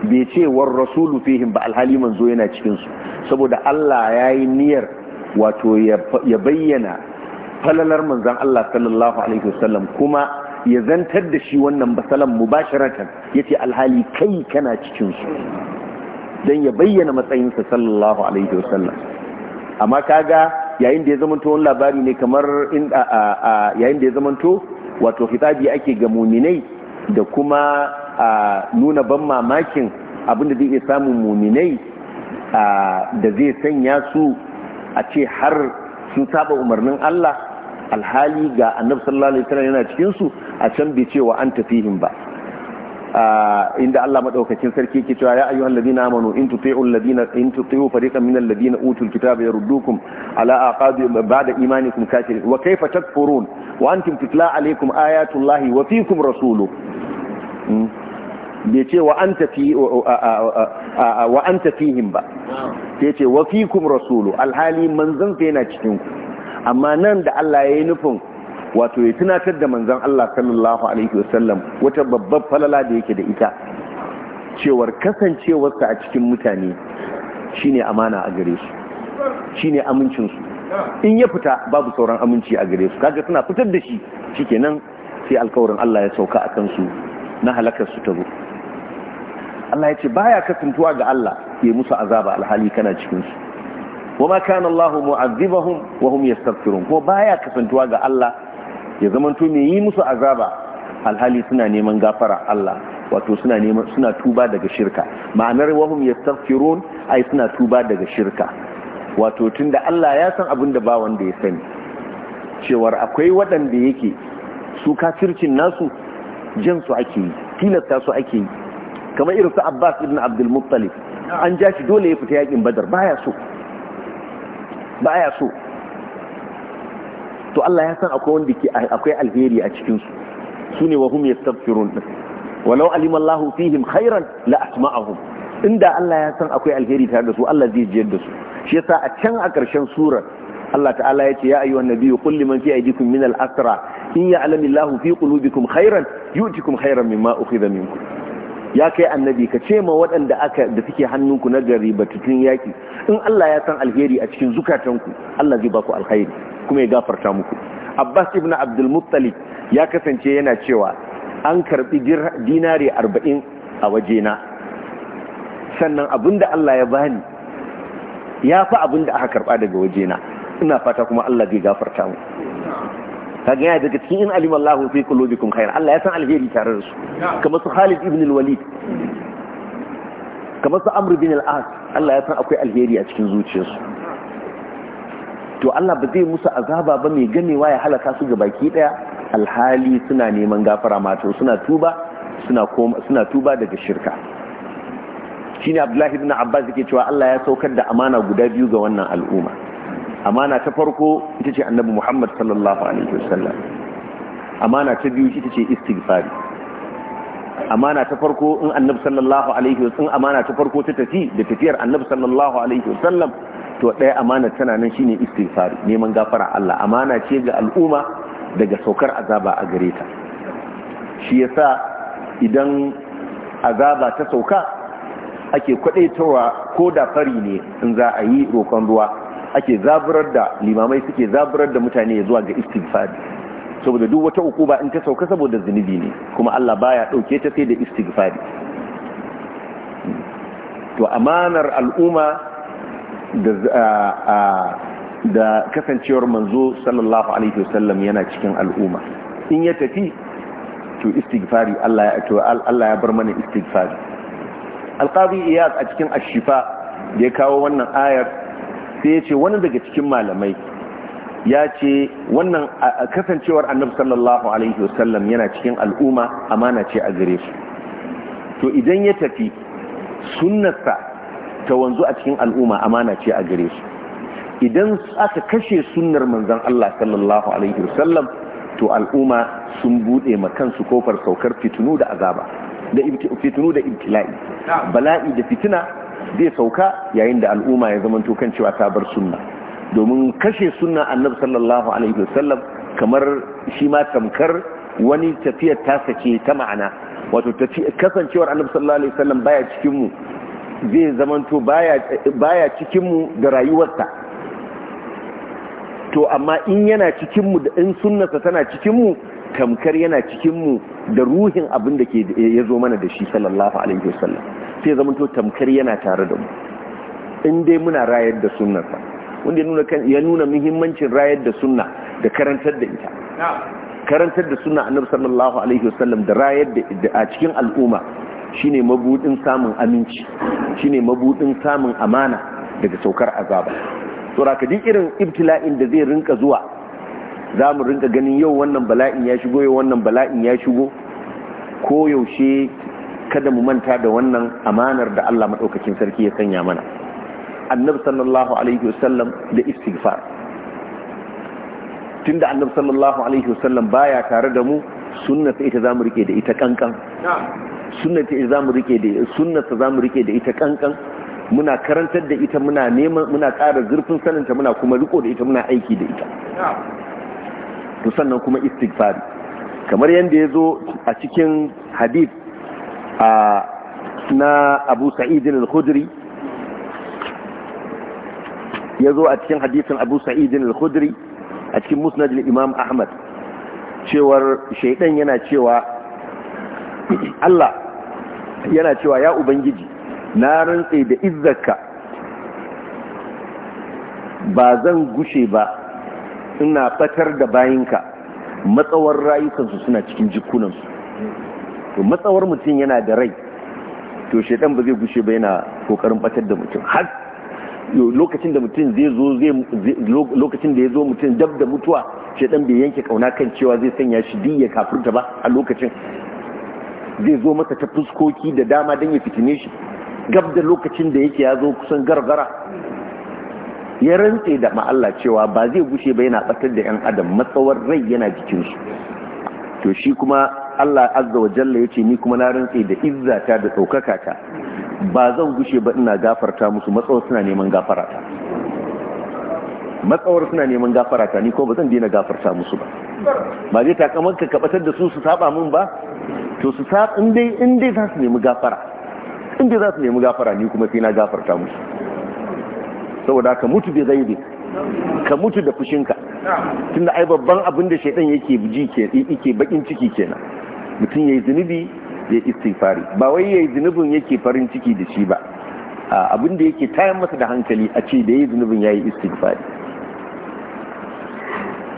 S1: bai ce war rasulu fihim ba alhali manzo yana cikin su saboda Allah yayi niyyar wato ya bayyana falalar manzon Allah sallallahu alaihi wasallam kuma ya zantar da shi wannan basalan mubasharatan yace alhali kai kana cikin su dan ya bayyana matsayinsa sallallahu alaihi wasallam amma kaga yayin da ya zamanto wani labari ne kamar in a yayin da ya zamanto wato hitabi ake ga muminai da kuma a nuna ban mamakin abinda zai iya samun muminai da zai sanya su a ce har sun saba umarnin Allah alhali ga annabi sallallahu alaihi wasallam yana cikin su a can bai cewa an tafihin ba inda Allah madaukakin sarki yake cewa ya ayyuhal ladina amanu in tuti'u alladina in tuti'u fariqan min alladina utul kitaba yaruddukum ala aqabi ba'da imanikum kafirin wa kayfa takfurun wa antum tutla alaykum ayatu llahi wa fiikum hmm? bai ce wa anta fi wa anta fihim ba sai ce wa fiikum rasulu alhali manzan sai yana cikin ku amma nan da Allah ya yi nufin wato ya tunatar da manzan Allah sallallahu alaihi wasallam wata babbar falala da yake da ita cewar kasancewarsa a cikin mutane shine amana a gare su shine amincinsu in ya fita babu sauran aminci a gare su kaga suna fitar da shi shikenan sai alkawarin Allah ya sauka a kansu na halakar su ta zo Allah ya ce baya kasantuwa ga Allah ya musu azaba alhali kana cikin su wama kana Allah mu'azzibahum wa hum yastaghfirun ko baya kasantuwa ga Allah ya zamanto me yi musu azaba alhali suna neman gafara Allah wato suna neman suna tuba daga shirka ma'anar wa hum yastaghfirun ai suna tuba daga shirka wato tunda Allah ya san abin da ba wanda ya sani cewar akwai waɗanda yake su kafircin nasu jan su ake yi tilasta su ake yi kamar irin su Abbas ibn Abdul Muttalib an ja dole ya fita yakin Badar baya so ya so to Allah ya san akwai wanda ke akwai alheri a cikin su sune wa hum yastaghfirun walau alima Allah fihim khairan la asma'ahum inda Allah ya san akwai alheri tare da su Allah zai jiyar da su shi yasa a can a ƙarshen surar Allah ta'ala ya ce ya ayyuhan nabiyyu qul liman fi aydikum min al-asra in ya'lamu Allahu fi qulubikum khairan yu'tikum khairan mimma ukhidha minkum ya kai annabi ka ce ma waɗanda aka da suke hannunku na gari batutun yaƙi in Allah ya san alheri a cikin zukatanku Allah zai baku alheri kuma ya gafarta muku Abbas ibn Abdul Muttalib ya kasance yana cewa an karbi dinari 40 a wajena sannan abinda Allah ya bani ya fa abinda aka karba daga wajena ina fata kuma Allah zai gafarta mu kaga yana daga cikin in alim Allahu fi qulubikum khair Allah ya san alheri tare da su kamar su Khalid ibn al-Walid kamar su Amr ibn al-As Allah ya san akwai alheri a cikin zuciyarsu to Allah ba zai musu azaba ba mai ganewa ya halaka su gabaki daya alhali suna neman gafara mato suna tuba suna koma suna tuba daga shirka shine Abdullahi ibn Abbas yake cewa Allah ya saukar da amana guda biyu ga wannan al'umma amana ta farko ita ce annabi muhammad sallallahu alaihi wasallam amana ta biyu ita ce istighfari amana ta farko in annabi sallallahu alaihi wasallam amana ta farko ta tafi da tafiyar annabi sallallahu alaihi wasallam to ɗaya amana tana nan shine istighfari neman gafara Allah amana ce ga al'umma daga saukar azaba a gare ta shi yasa idan azaba ta sauka ake kwadaitowa ko da fari ne in za a yi roƙon ruwa ake zaburar da limamai suke zaburar da mutane zuwa ga istighfar saboda duk wata uku ba in ta sauka saboda zunubi ne kuma Allah baya dauke ta sai da istighfar to amanar al'umma da da kasancewar manzo sallallahu alaihi wasallam yana cikin al'umma in ya tafi to istighfari Allah to Allah ya bar mana istighfari alqadi iyad a cikin ashifa da ya kawo wannan ayar sai ya ce wani daga cikin malamai ya ce wannan kasancewar annabi sallallahu alaihi wasallam yana cikin al'umma amana ce a gare su to idan ya tafi sunnarsa ta wanzu a cikin al'umma amana ce a gare su idan aka kashe sunnar manzon Allah sallallahu alaihi wasallam to al'umma sun bude kansu kofar saukar fitinu da azaba da fitinu da ibtila'i bala'i da fitina zai sauka yayin da al'umma ya zama kan cewa ta bar sunna domin kashe sunna annabi sallallahu alaihi wasallam kamar shi ma tamkar wani tafiyar ta sake ta ma'ana wato kasancewar annabi sallallahu alaihi wasallam baya cikin mu zai zamanto baya baya cikin mu da rayuwarsa to amma in yana cikin mu da in sunnarsa tana cikin mu tamkar yana cikinmu da ruhin abin da ya zo mana da shi sallallahu alaihi wasallam sai zama to tamkar yana tare da mu in dai muna rayar da fa wanda ya nuna muhimmancin rayar da sunna da karantar da ita karantar da sunna annabi sallallahu alaihi wasallam da rayar da a cikin al'umma shine mabudin samun aminci shine mabudin samun amana daga saukar azaba to raka duk irin ibtila'in da zai rinka zuwa za mu rinka ganin yau wannan bala'in ya shigo yau wannan bala'in ya shigo ko yaushe kada mu manta da wannan amanar da Allah madaukakin sarki ya sanya mana annabi sallallahu alaihi wasallam da istighfar tunda annabi sallallahu alaihi wasallam baya tare da mu sunna sai ita zamu rike da ita kankan sunna ta zamu rike da sunna ta zamu rike da ita kankan muna karantar da ita muna neman muna ƙara zurfin saninta muna kuma riko da ita muna aiki da ita to sannan kuma istighfari kamar yadda ya zo a cikin hadith na abu sa'idin al-khudri ya zo a cikin hadithin abu sa'idin al-khudri a cikin musnad imam ahmad cewar shaidan yana cewa Allah yana cewa ya ubangiji na rantse da izzaka ba zan gushe ba suna batar da bayinka matsawar rayukansu suna cikin jikunansu to matsawar mutum yana da rai to shaidan ba zai gushe ba yana kokarin batar da mutum har lokacin da mutum zai zo zai lokacin da ya zo mutum dab da mutuwa shaidan bai yanke kauna kan cewa zai sanya shi diya kafurta ba a lokacin zai zo masa ta fuskoki da dama don ya fitine shi gab da lokacin da yake ya zo kusan gargara ya rantse da ma'alla cewa ba zai gushe ba yana batar da yan adam matsawar rai yana jikinsu to shi kuma Allah azza wa jalla yace ni kuma na rantse da izzata da ɗaukaka ta ba zan gushe ba ina gafarta musu matsawar suna neman gafara ta matsawar suna neman gafara ta ni ko ba zan daina gafarta musu ba ba zai takamanka ka batar da su su saba min ba to su sa in dai za su nemi gafara in dai za su nemi gafara ni kuma sai na gafarta musu saboda ka mutu da ghaibi ka mutu da fushinka tunda ai babban abin da shaidan yake ji ke yake bakin ciki kenan mutum yayi zunubi ya istighfari ba wai yayi zunubin yake farin ciki da shi ba abin da yake tayan masa da hankali a ce da yayi zunubin yayi istighfari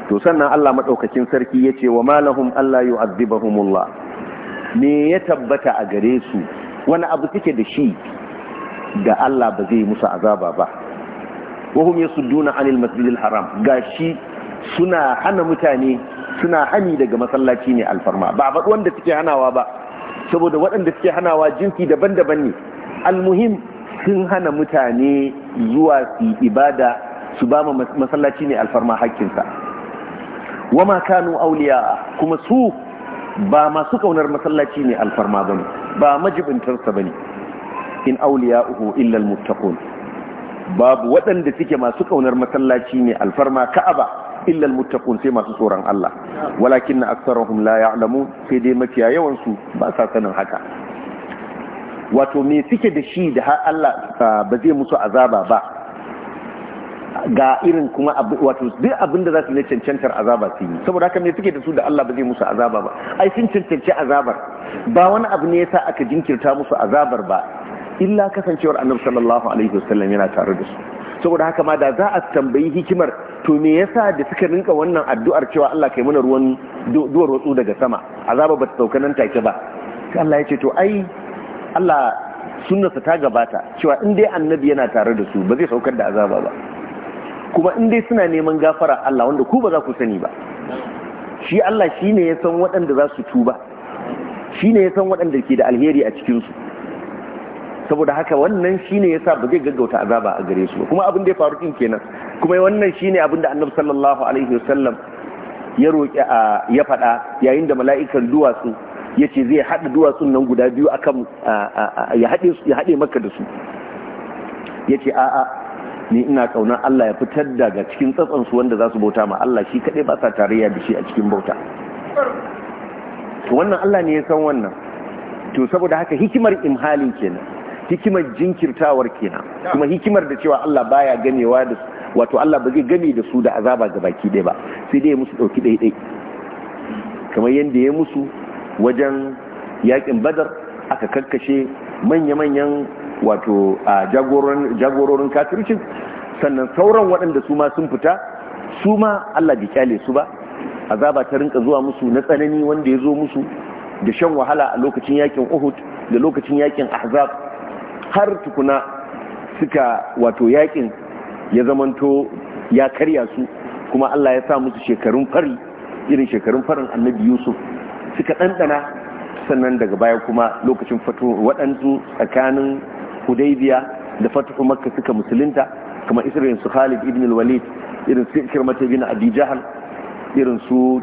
S1: to sannan Allah madaukakin sarki yace wa malahum Allah yu'adhibahumullah me ya tabbata a gare su wani abu take da shi da Allah ba zai musu azaba ba wahum yasudduna anil masjidil haram ga shi suna hana mutane suna hani daga masallaci ne alfarma ba a wanda suke hanawa ba saboda waɗanda suke hanawa jinsi daban-daban ne almuhim sun hana mutane zuwa su ibada su ba ma masallaci ne alfarma hakkinsa ma kanu auliya kuma su ba masu kaunar masallaci ne alfarma bane ba majibintarsa bane in auliya uku illal muttaqun babu waɗanda suke masu kaunar masallaci ne alfarma ka'aba illa almuttaqun sai masu tsoron Allah walakin aktharuhum la ya'lamun sai dai mafiya yawan su ba sa sanin haka wato me suke da shi da har Allah ba zai musu azaba ba ga irin kuma wato duk abin da za su ne cancantar azaba su yi saboda haka me suke da su da Allah ba zai musu azaba ba ai sun cancanci azabar ba wani abu ne yasa aka jinkirta musu azabar ba illa kasancewar annabi sallallahu alaihi wasallam yana tare da su saboda haka ma da za a tambayi hikimar to me yasa da suka rinka wannan addu'ar cewa Allah kai mana ruwan duwar wasu daga sama azaba ba ta sauka nan take ba Allah ya ce to ai Allah sunnarsa ta gabata cewa in dai annabi yana tare da su ba zai saukar da azaba ba kuma in dai suna neman gafara Allah wanda ku ba za ku sani ba shi Allah shine ya san waɗanda za su tuba shine ya san waɗanda ke da alheri a cikin su saboda haka wannan shine yasa ba zai gaggauta azaba a gare su kuma abin da ya faru din kenan kuma wannan shine abin da Annabi sallallahu alaihi wasallam ya roki ya faɗa yayin da mala'ikan duwatsu yace zai haɗa duwatsu nan guda biyu akan ya haɗe su ya haɗe maka da su yace a'a ni ina kaunar Allah ya fitar daga cikin tsatsan su wanda za su bauta ma Allah shi kadai ba sa tarayya da shi a cikin bauta wannan Allah ne ya san wannan to saboda haka hikimar imhalin kenan hikimar jinkirtawar kenan kuma hikimar da cewa Allah baya ganewa da wato Allah ba zai game da su da azaba ga baki ɗaya ba sai dai musu ɗauki dai dai kamar yadda ya musu wajen yakin badar aka karkashe manya-manyan wato a jagororin kafircin sannan sauran waɗanda su ma sun fita su ma Allah bai kyale su ba azaba ta rinka zuwa musu na tsanani wanda ya zo musu da shan wahala a lokacin yakin Uhud da lokacin yakin Ahzab har tukuna suka wato yakin ya zamanto ya karya su kuma Allah ya sa musu shekarun fari irin shekarun farin annabi Yusuf suka ɗanɗana sannan daga baya kuma lokacin fato waɗansu tsakanin Hudaybiya da fatuhu Makka suka musulunta kuma irin su Khalid ibn al-Walid irin su Kirmata ibn Abi Jahl irin su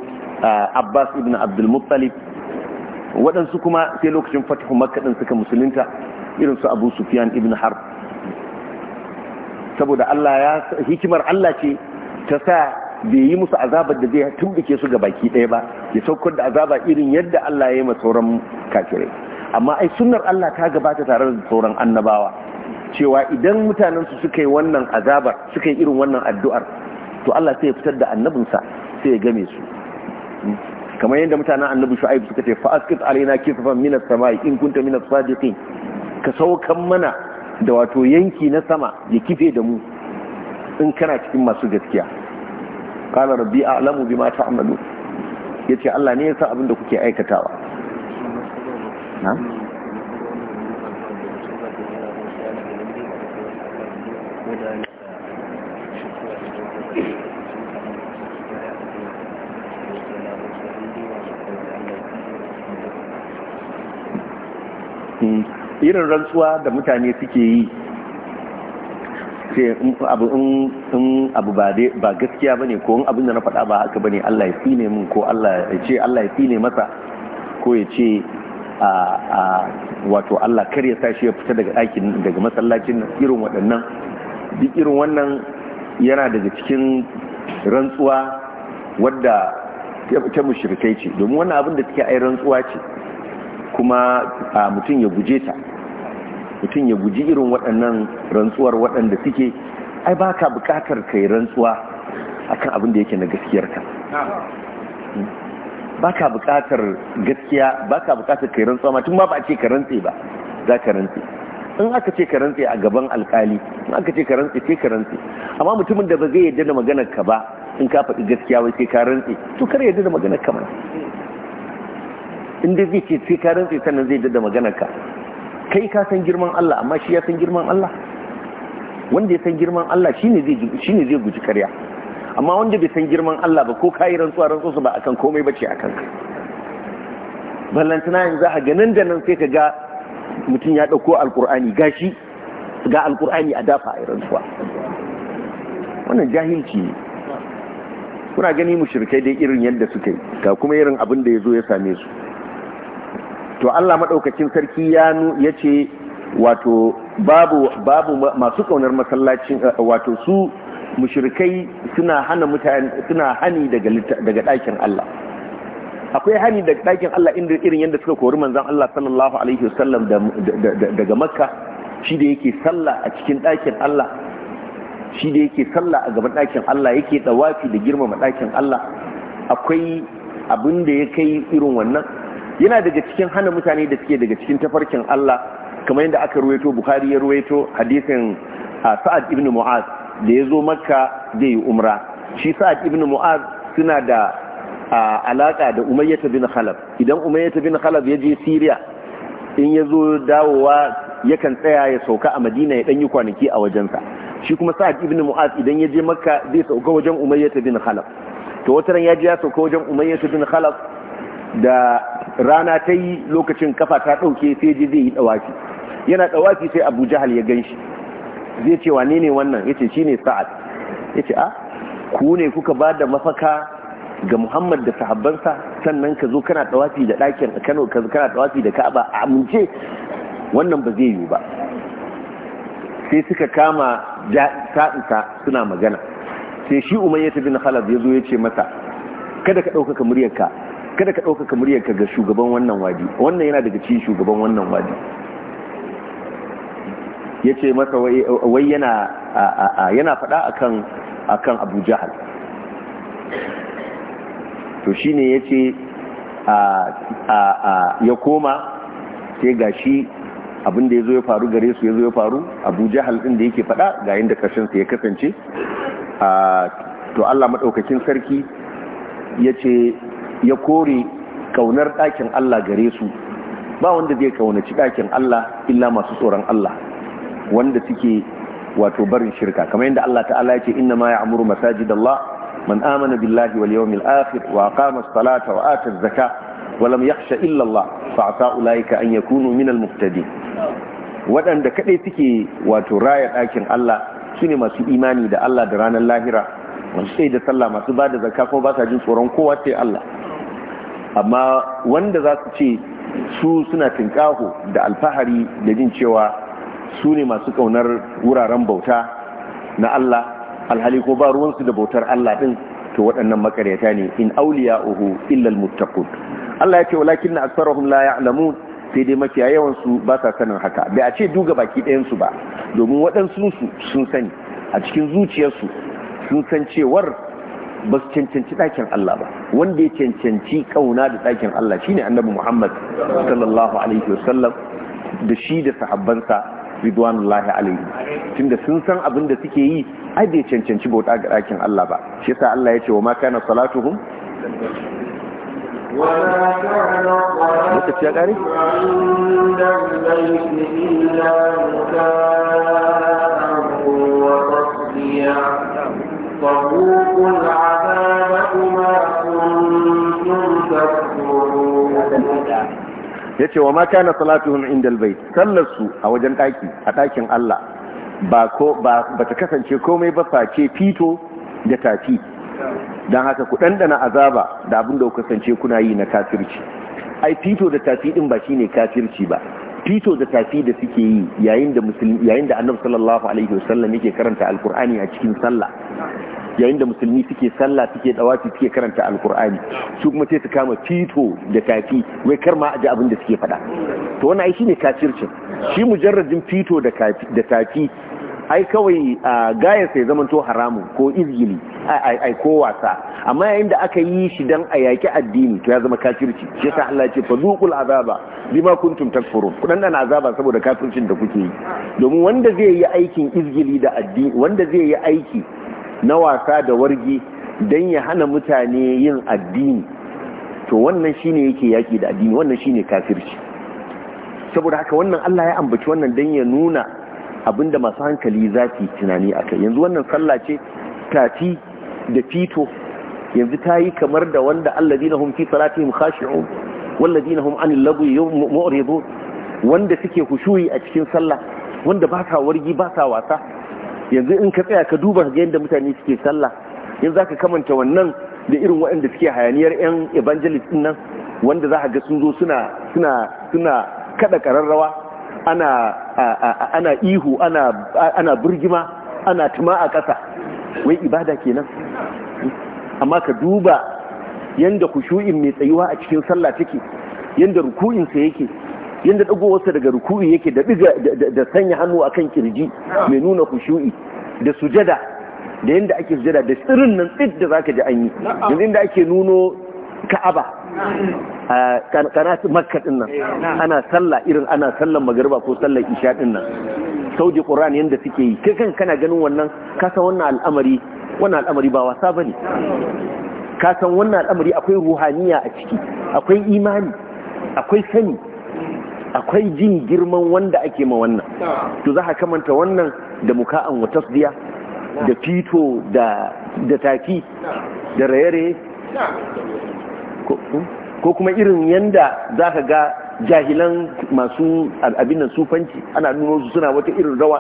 S1: Abbas ibn Abdul Muttalib waɗansu kuma sai lokacin fatuhu Makka din suka musulunta irin su abu Sufiyan ibn harb saboda Allah ya hikimar Allah ce ta sa bai yi musu azabar da zai tumbuke su ga baki ɗaya ba ya saukar da azaba irin yadda Allah ya yi sauran kafirai amma ai sunnar Allah ta gabata tare da sauran annabawa cewa idan mutanen su suka yi wannan azabar suka yi irin wannan addu'ar to Allah sai ya fitar da annabinsa sai ya game su kamar yadda mutanen annabi shu'aib suka ce fa alaina kifafan minas samai in kunta minas sadiqin ka saukan mana da wato yanki na sama ya kife da mu in kana cikin masu gaskiya kala rabbi a'lamu bima ta'malu yace Allah ne ya sa abin da kuke aikatawa na'am irin rantsuwa da mutane suke yi sai in abu ba gaskiya ba ne ko in abin da na faɗa ba haka ba ne Allah ya fine min ko Allah ya ce Allah ya fine masa ko ya ce a wato Allah kar ya sa shi ya fita daga ɗakin daga masallacin irin waɗannan duk irin wannan yana daga cikin rantsuwa wadda ta mushirkai ce domin wannan abin da take ai rantsuwa ce kuma mutum ya guje ta mutum ya guji irin waɗannan rantsuwar waɗanda suke ai ba ka buƙatar ka yi rantsuwa a kan abin da yake na gaskiyarka
S3: hmm.
S1: ba ka buƙatar gaskiya ba ka buƙatar ka yi rantsuwa ma tun ba ce ka rantse ba za ka rantse in aka ce ka rantse a gaban alkali in aka ce ka rantse sai ka rantse amma mutumin da ba zai yarda da maganar ka ba in ka faɗi gaskiya wai sai ka rantse to kar yarda da maganar ka mana in dai zai ce sai ka rantse sannan zai dada maganarka kai ka san girman Allah amma shi ya san girman Allah wanda ya san girman Allah shine zai shine zai guji karya amma wanda bai san girman Allah ba ko kai rantsuwa rantsu ba akan komai bace akan ka ballantana yanzu a ganin da nan sai ka ga mutum ya dauko alkur'ani gashi ga alkur'ani a dafa a rantsuwa wannan jahilci ne kuna gani mushrikai dai irin yadda suke ga kuma irin abin da ya zo ya same su to Allah madaukakin sarki ya ya ce wato babu babu masu kaunar masallacin eh, wato su mushrikai suna hana mutane suna hani daga daga dakin Allah akwai hani daga dakin Allah inda irin yadda suka kori manzon Allah sallallahu alaihi wasallam daga Makka shi da yake sallah a cikin dakin Allah shi da yake sallah a gaban dakin Allah yake dawafi da girmama ɗakin Allah akwai abin da ya kai irin wannan yana daga cikin hana mutane da suke daga cikin tafarkin Allah kamar yadda aka ruwaito Bukhari ya ruwaito hadisin Sa'ad ibn Mu'az da ya zo Makka zai yi umra shi Sa'ad ibn Mu'az suna da alaka da Umayyah bin Khalaf idan Umayyah bin Khalaf ya je Syria in ya zo dawowa yakan tsaya ya sauka a Madina ya dan yi kwanaki a wajensa shi kuma Sa'ad ibn Mu'az idan ya je Makka zai sauka wajen Umayyah bin Khalaf to wataran ya je ya sauka wajen Umayyah bin Khalaf da rana ta yi lokacin kafa ta ɗauke sai ji zai yi ɗawafi yana ɗawafi sai abu jahal ya gan shi zai ce wane ne wannan ya ce shi ne sa'ad ya ce a ah, ku ne kuka ba da mafaka ga muhammad da sahabbansa sannan ka zo kana ɗawafi da ɗakin a kano ka zo kana ɗawafi da ka'aba a amince wannan ba zai yiwu ba sai suka kama sa'insa suna magana sai shi Umar tafi bin halab ya zo ya ce masa kada ka ɗaukaka muryarka kada ka ɗaukaka muryarka ga shugaban wannan wadi wannan yana daga cikin shugaban wannan wadi ya ce masa wai yana yana faɗa akan akan abu jahal to shine ya ce ya koma sai ga shi abinda ya zo ya faru gare su ya zo ya faru abu jahal ɗin da yake faɗa ga da ƙarshensa ya kasance to allah maɗaukakin sarki ya ce ya kore kaunar ɗakin Allah gare su ba wanda zai kaunaci ɗakin Allah illa masu tsoron Allah wanda suke wato barin shirka kamar yadda Allah ta'ala ya ce inna ma ya'muru masajid Allah man amana billahi wal yawmil akhir wa aqama as-salata wa ata az-zaka wa lam yakhsha illa Allah fa asa ulaika an yakunu min al-muhtadin Wadanda kaɗai suke wato raya ɗakin Allah su ne masu imani da Allah da ranar lahira masu sai da sallah masu ba da zakka kuma ba sa jin tsoron kowa sai Allah amma wanda za su ce su suna tinkaho da alfahari da jin cewa su ne masu kaunar wuraren bauta na Allah alhali ko ba ruwansu da bautar Allah din to waɗannan makaryata ne in auliya uhu illal muttaqun Allah ya ce walakin na asfarahum la ya'lamun sai dai mafiya yawan su ba sa sanin haka bai a ce duga baki ɗayan su ba domin waɗansu su sun sani a cikin zuciyarsu sun san cewar ba su cancanci ɗakin Allah ba wanda ya cancanci ƙauna da ɗakin Allah shine annabi Muhammad sallallahu alaihi wasallam da shi da sahabbansa ridwanullahi alaihi tunda sun san abin da suke yi ai ya cancanci bauta ga ɗakin Allah ba shi yasa Allah ya ce wa ma kana salatuhum
S2: lokaci ya Yeah. فذوقوا العذاب بما كنتم تكفرون
S1: ya ce wa ma kana salatuhum indal bait sallarsu a wajen ɗaki, a ɗakin Allah ba ta kasance komai ba face fito da tafi dan haka ku dandana azaba da abin da ku kasance kuna yi na kafirci ai fito da tafi din ba shine kafirci ba fito da tafi da suke yi yayin da musulmi yayin da annabi sallallahu alaihi wasallam yake karanta alqur'ani a cikin sallah yayin da musulmi suke sallah suke dawaci suke karanta alqur'ani su kuma sai su kama fito da tafi wai kar ma aji abin da suke faɗa to wannan ai shine kafircin shi mujarradin fito da tafi ai kawai gaya sai zama to haramun ko izgili ai ko wasa amma yayin da aka yi shi dan a yaki addini to ya zama kafirci shi yasa Allah ya ce fadukul azaba bima kuntum takfurun kudan nan azaba saboda kafircin da kuke yi domin wanda zai yi aikin izgili da addini wanda zai yi aiki na wasa da wargi dan ya hana mutane yin addini to wannan shine yake yaki da addini wannan shine kafirci saboda haka wannan Allah ya ambaci wannan dan ya nuna abinda masu hankali za su tunani a kai yanzu wannan sallah ce tati da fito yanzu ta yi kamar da wanda mu hum fi salatihim khashi'un wallazina hum anil lagwi mu'ridun wanda suke hushuyi a cikin sallah wanda ba sa wargi ba sa wasa yanzu in ka tsaya ka duba ga yadda mutane suke sallah yanzu zaka kamanta wannan da irin waɗanda suke hayaniyar yan evangelist din wanda za ka ga sun zo suna suna suna kada kararrawa ana ihu ana burgima ana tuma a ƙasa wai ibada kenan amma ka duba yanda kushu'in mai tsayuwa a cikin sallah take yanda ruku'insa yake yanda dagowarsa daga ruku'i yake da da sanya hannu akan kirji mai nuna kushu'i da sujada da yanda ake sujada da tsirin nan tsid da zaka ji an yi yanzu ake nuno ka'aba a kanatu makka din nan ana sallah irin ana sallan magariba ko sallan isha din nan sauji qur'an yanda suke yi kai kan kana ganin wannan ka san wannan al'amari wannan al'amari ba wasa bane ka san wannan al'amari akwai ruhaniya a ciki akwai imani akwai sani akwai jin girman wanda ake ma wannan to za ka kamanta wannan da muka'an wa tasdiya da fito da taki da raye-raye ko kuma irin yanda za ka ga jahilan masu abin nan sufanci ana nuna su suna wata irin rawa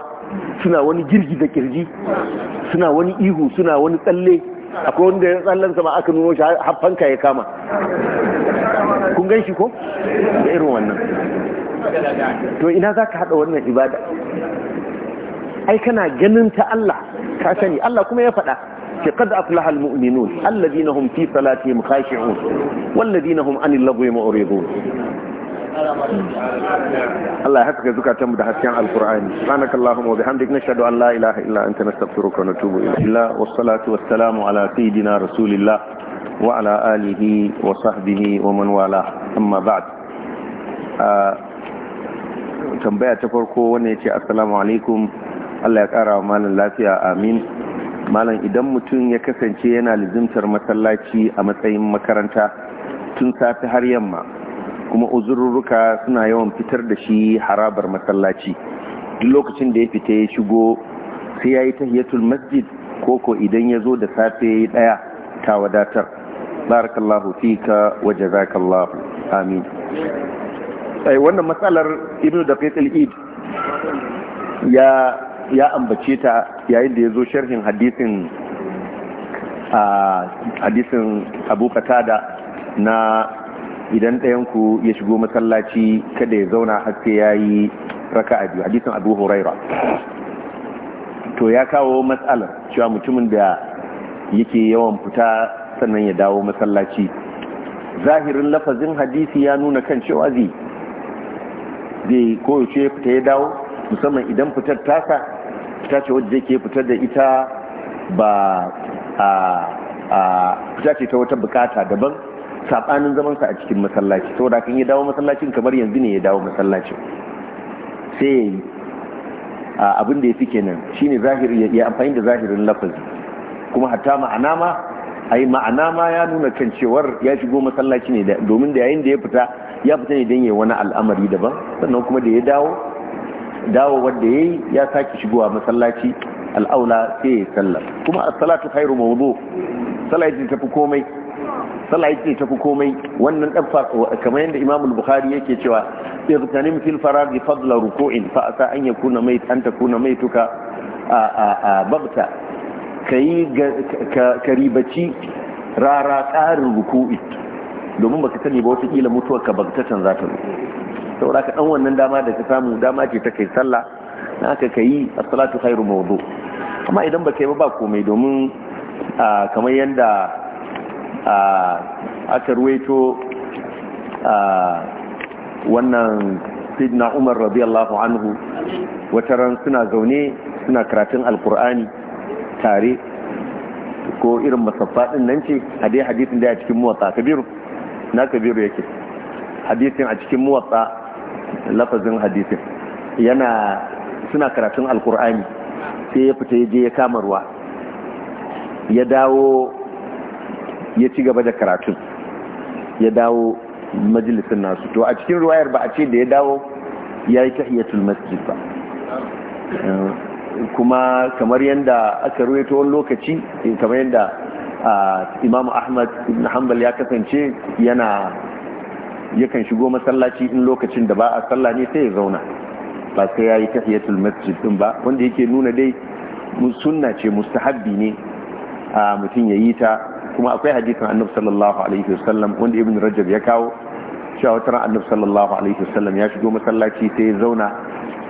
S1: suna wani girgi da kirji suna wani ihu suna wani tsalle akwai wanda ya tsallan sama aka nuno shi haffanka ya kama kun gan shi ko da irin wannan to ina za ka haɗa wannan ibada ai kana ganin ta Allah ka sani Allah kuma ya faɗa ce qad aflaha almu'minun alladhina hum fi salatihim khashi'un walladhina hum 'anil lagwi mu'ridun Allah ya haska zukatanmu da hasken alkur'ani subhanakallahumma wa bihamdika nashhadu an la ilaha illa anta nastaghfiruka wa natubu ilayk wassalatu wassalamu ala sayidina rasulillah wa ala alihi wa sahbihi wa man wala amma ba'd tambaya ta farko wannan yace assalamu alaikum Allah ya kara wa malam lafiya amin malam idan mutum ya kasance yana lizimtar masallaci a matsayin makaranta tun safi har yamma kuma uzururruka suna yawan fitar da shi harabar masallaci duk lokacin da ya fita ya shigo sai ya yi tahiyatul masjid ko koko idan ya zo da safe daya ta wadatar barakallahu fika wa jazakallahu amin wannan matsalar ibnu da qatil id ya ya ambace ta yayin da ya zo sharhin hadisin a hadisin abu da na idan ɗayanku ya shigo masallaci kada ya zauna haske ya yi raka a biyu hadisin abu huraira to ya kawo matsalar cewa mutumin da yake yawan fita sannan ya dawo masallaci zahirin lafazin hadisi ya nuna kan cewa zai koyace fita ya dawo musamman idan fitar tasa fita ce wadda yake fitar da ita ba a fita ce ta wata bukata daban sabanin zamansa a cikin masallaci saboda kan ya dawo masallacin kamar yanzu ne ya dawo masallacin sai ya yi abin da ya fi kenan shine zahiri ya amfani da zahirin lafazi kuma hatta ma'ana ma ai ma'ana ma ya nuna kan cewar ya shigo masallaci ne domin da yayin da ya fita ya fita ne don yi wani al'amari daban sannan kuma da ya dawo dawo wanda yayi ya sake shigowa masallaci al'aula sai ya sallar kuma as-salatu khairu mawdu sallah tafi komai sallah yake tafi komai wannan dan kamar yadda Imam al-Bukhari yake cewa irtanim fil farag fadla ruku'in fa asa an yakuna mai an takuna maituka a a a babta kai ka rara ƙarin ruku'i domin baka sani ba wata kila mutuwar ka bagtatan zo saboda ka dan wannan dama da ka samu dama ce ta kai sallah na aka kai as-salatu khairu mawdu amma idan ba kai ba komai domin kamar yanda aka ruwaito wannan sidna umar radiyallahu anhu wata ran suna zaune suna karatun alkur'ani tare ko irin masaffaɗin nan ce a dai hadisin da a cikin muwatsa kabiru na kabiru yake hadisin a cikin muwatsa lafazin hadisin yana suna karatun alkur'ani sai ya fita ya je ya kama ruwa ya dawo ya ci gaba da karatun ya dawo majalisun nasu to a cikin ruwayar ba a ce da ya dawo ya yi tahiyatul masjid ba eh, kuma kamar yadda aka ta wani lokaci eh, kamar yadda ah, imam ahmad ibn hanbal ya kasance yana yakan shigo masallaci in lokacin da ba a sallah ne sai ya zauna ba sai yayi yi tahiyatul masjid din ba wanda yake nuna dai sunna ce mustahabbi ne a mutum yayi ta kuma akwai hadisin annabi sallallahu alaihi wasallam wanda ibn rajab ya kawo cewa wata ran annabi sallallahu alaihi wasallam ya shigo masallaci sai ya zauna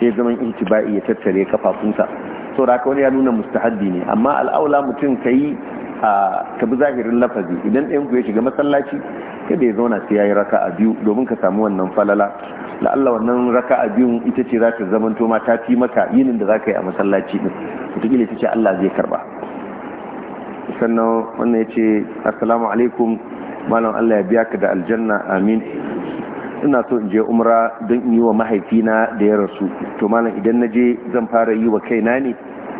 S1: sai zaman intibai ya tattare kafafunsa saboda haka wani ya nuna mustahabbi ne amma al'aula mutum ka a bi zahirin lafazi idan ɗayan ku ya shiga masallaci kada ya zauna sai yayi raka'a biyu domin ka samu wannan falala la Allah wannan raka'a biyun ita ce za ta zamanto ma ta fi maka yinin da za ka yi a masallaci din wataƙila ita ce Allah zai karba sannan wannan ya ce assalamu alaikum malam Allah ya biya ka da aljanna amin ina so in je umra don in yi wa mahaifina da ya rasu to malam idan na je zan fara yi wa kaina ne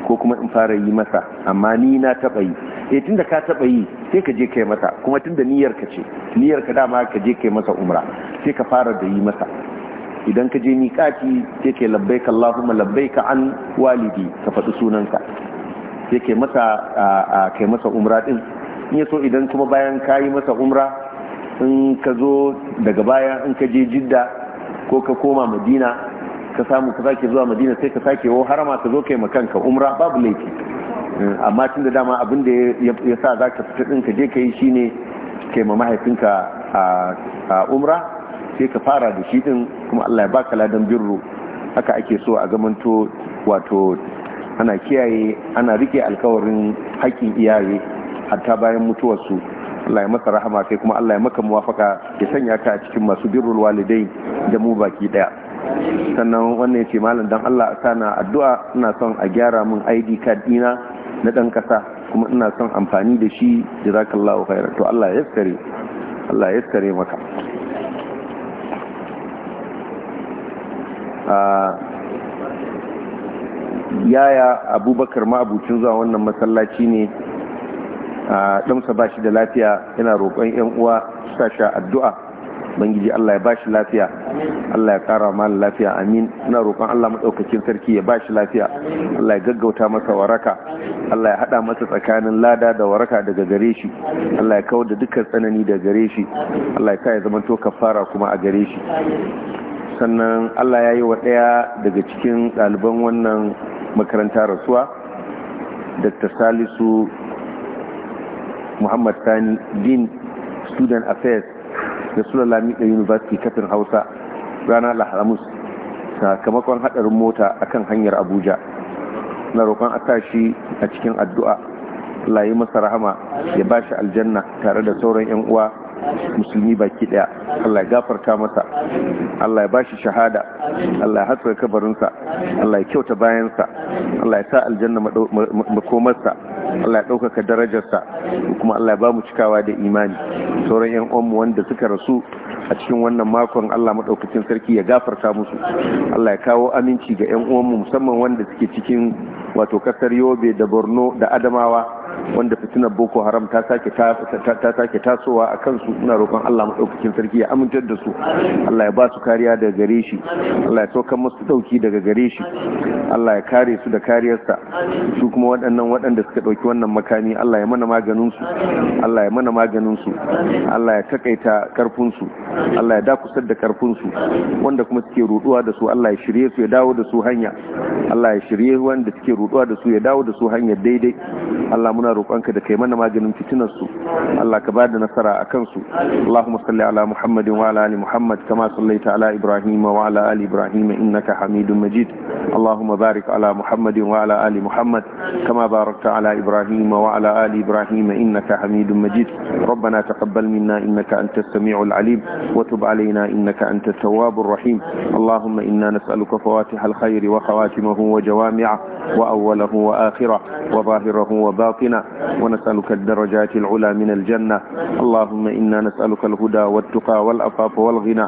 S1: ko kuma in fara yi masa amma ni na taɓa yi eh tunda ka taba yi sai ka je kai masa kuma tunda niyyar ka ce niyyar ka dama ka je kai masa umra sai ka fara da yi masa idan ka je miƙati sai ke labbaika Allahumma labbaika an walidi ka faɗi sunanka sai ke masa kai masa umra din in so idan kuma bayan ka yi masa umra in ka zo daga baya in ka je jidda ko ka koma madina ka samu ka sake zuwa madina sai ka sake wo harama ka zo kai makanka umra babu laifi amma tun da dama abin da ya sa za ka fita ɗin ka je ka yi shi ne ke ma mahaifinka a umra sai ka fara da shi ɗin kuma allah ya baka ladan birru haka ake so a zamanto wato ana kiyaye ana rike alkawarin haƙƙin iyaye hatta bayan mutuwarsu Allah ya masa rahama sai kuma Allah ya maka muwafaka ya sanya ka a cikin masu birrul walidai da mu baki daya sannan wannan ce malam dan Allah sana addu'a ina son a gyara mun ID card dina na ɗan ƙasa kuma ina son amfani da shi da lawo khairan to Allah ya tsare Allah ya tsare maka ah, yaya abubakar ma'abucin zuwa wannan masallaci ne a ah, ɗansa ba shi da lafiya yana roƙon 'yan uwa sasha addu'a bangiji Allah ya bashi lafiya Allah ya kara mal lafiya amin ina roƙon Allah madaukakin sarki ya bashi lafiya Allah ya gaggauta masa waraka Allah ya hada masa tsakanin lada da waraka daga gare shi Allah ya kawar da dukkan tsanani daga gare shi Allah ya kai zaman to kafara kuma a gare shi sannan Allah ya yi wa ɗaya daga cikin ɗaliban wannan makaranta rasuwa dr salisu muhammad sani Dean student affairs da Lami da university katin hausa ranar lahamus sakamakon hadarin mota akan hanyar abuja na roƙon a tashi a cikin addu'a layi masa rahama ya ba shi aljanna tare da sauran 'yan uwa musulmi baki ɗaya. Allah ya gafarta masa Allah ya bashi shahada Allah ya hatsar kabarinsa Allah ya kyauta bayansa Allah ya sa aljanna makomarsa Allah ya ɗaukaka darajarsa kuma Allah ya ba mu cikawa da imani sauran yan uwanmu wanda suka rasu a cikin wannan makon Allah maɗaukacin sarki ya gafarta musu Allah ya kawo aminci ga 'yan uwanmu musamman wanda suke cikin wato kasar yobe da borno da adamawa wanda fitinar boko haram ta sake tasowa a kansu suna roƙon Allah maɗaukakin sarki ya amintar da su Allah ya ba su kariya daga gare shi Allah ya saukan masu dauki daga gare shi Allah ya kare su da kariyarsa su kuma waɗannan waɗanda suka ɗauki wannan makami Allah ya mana maganin su Allah ya mana maganin su Allah ya takaita karfin su Allah ya dakusar da karfin su wanda kuma suke ruɗuwa da su Allah ya shirye su ya dawo da su hanya Allah ya shirye wanda suke ruɗuwa da su ya dawo da su hanya daidai Allah muna muna roƙonka da kai mana maganin fitinar su Allah ka bada nasara a su Allahumma salli ala Muhammadin wa ala ali Muhammad kama sallaita ala Ibrahim wa ala ali Ibrahim innaka Hamidum Majid Allahumma barik ala Muhammadin wa ala ali Muhammad kama barakta ala Ibrahim wa ala ali Ibrahim innaka Hamidum Majid ربنا تقبل منا انك انت السميع العليم وتب علينا انك انت التواب الرحيم اللهم انا نسالك فواتح wa وخواتمه wa واوله واخره وظاهره وباطنه الجنة ونسألك الدرجات العلى من الجنة اللهم إنا نسألك الهدى والتقى والأفاف والغنى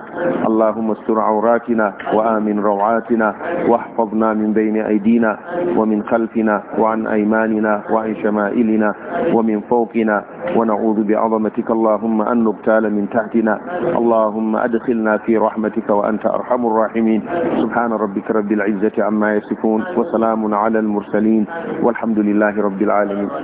S1: اللهم استر عوراتنا وآمن روعاتنا واحفظنا من بين أيدينا ومن خلفنا وعن أيماننا وعن شمائلنا ومن فوقنا ونعوذ بعظمتك اللهم أن نبتال من تحتنا اللهم أدخلنا في رحمتك وأنت أرحم الراحمين سبحان ربك رب العزة عما يصفون وسلام على المرسلين والحمد لله رب العالمين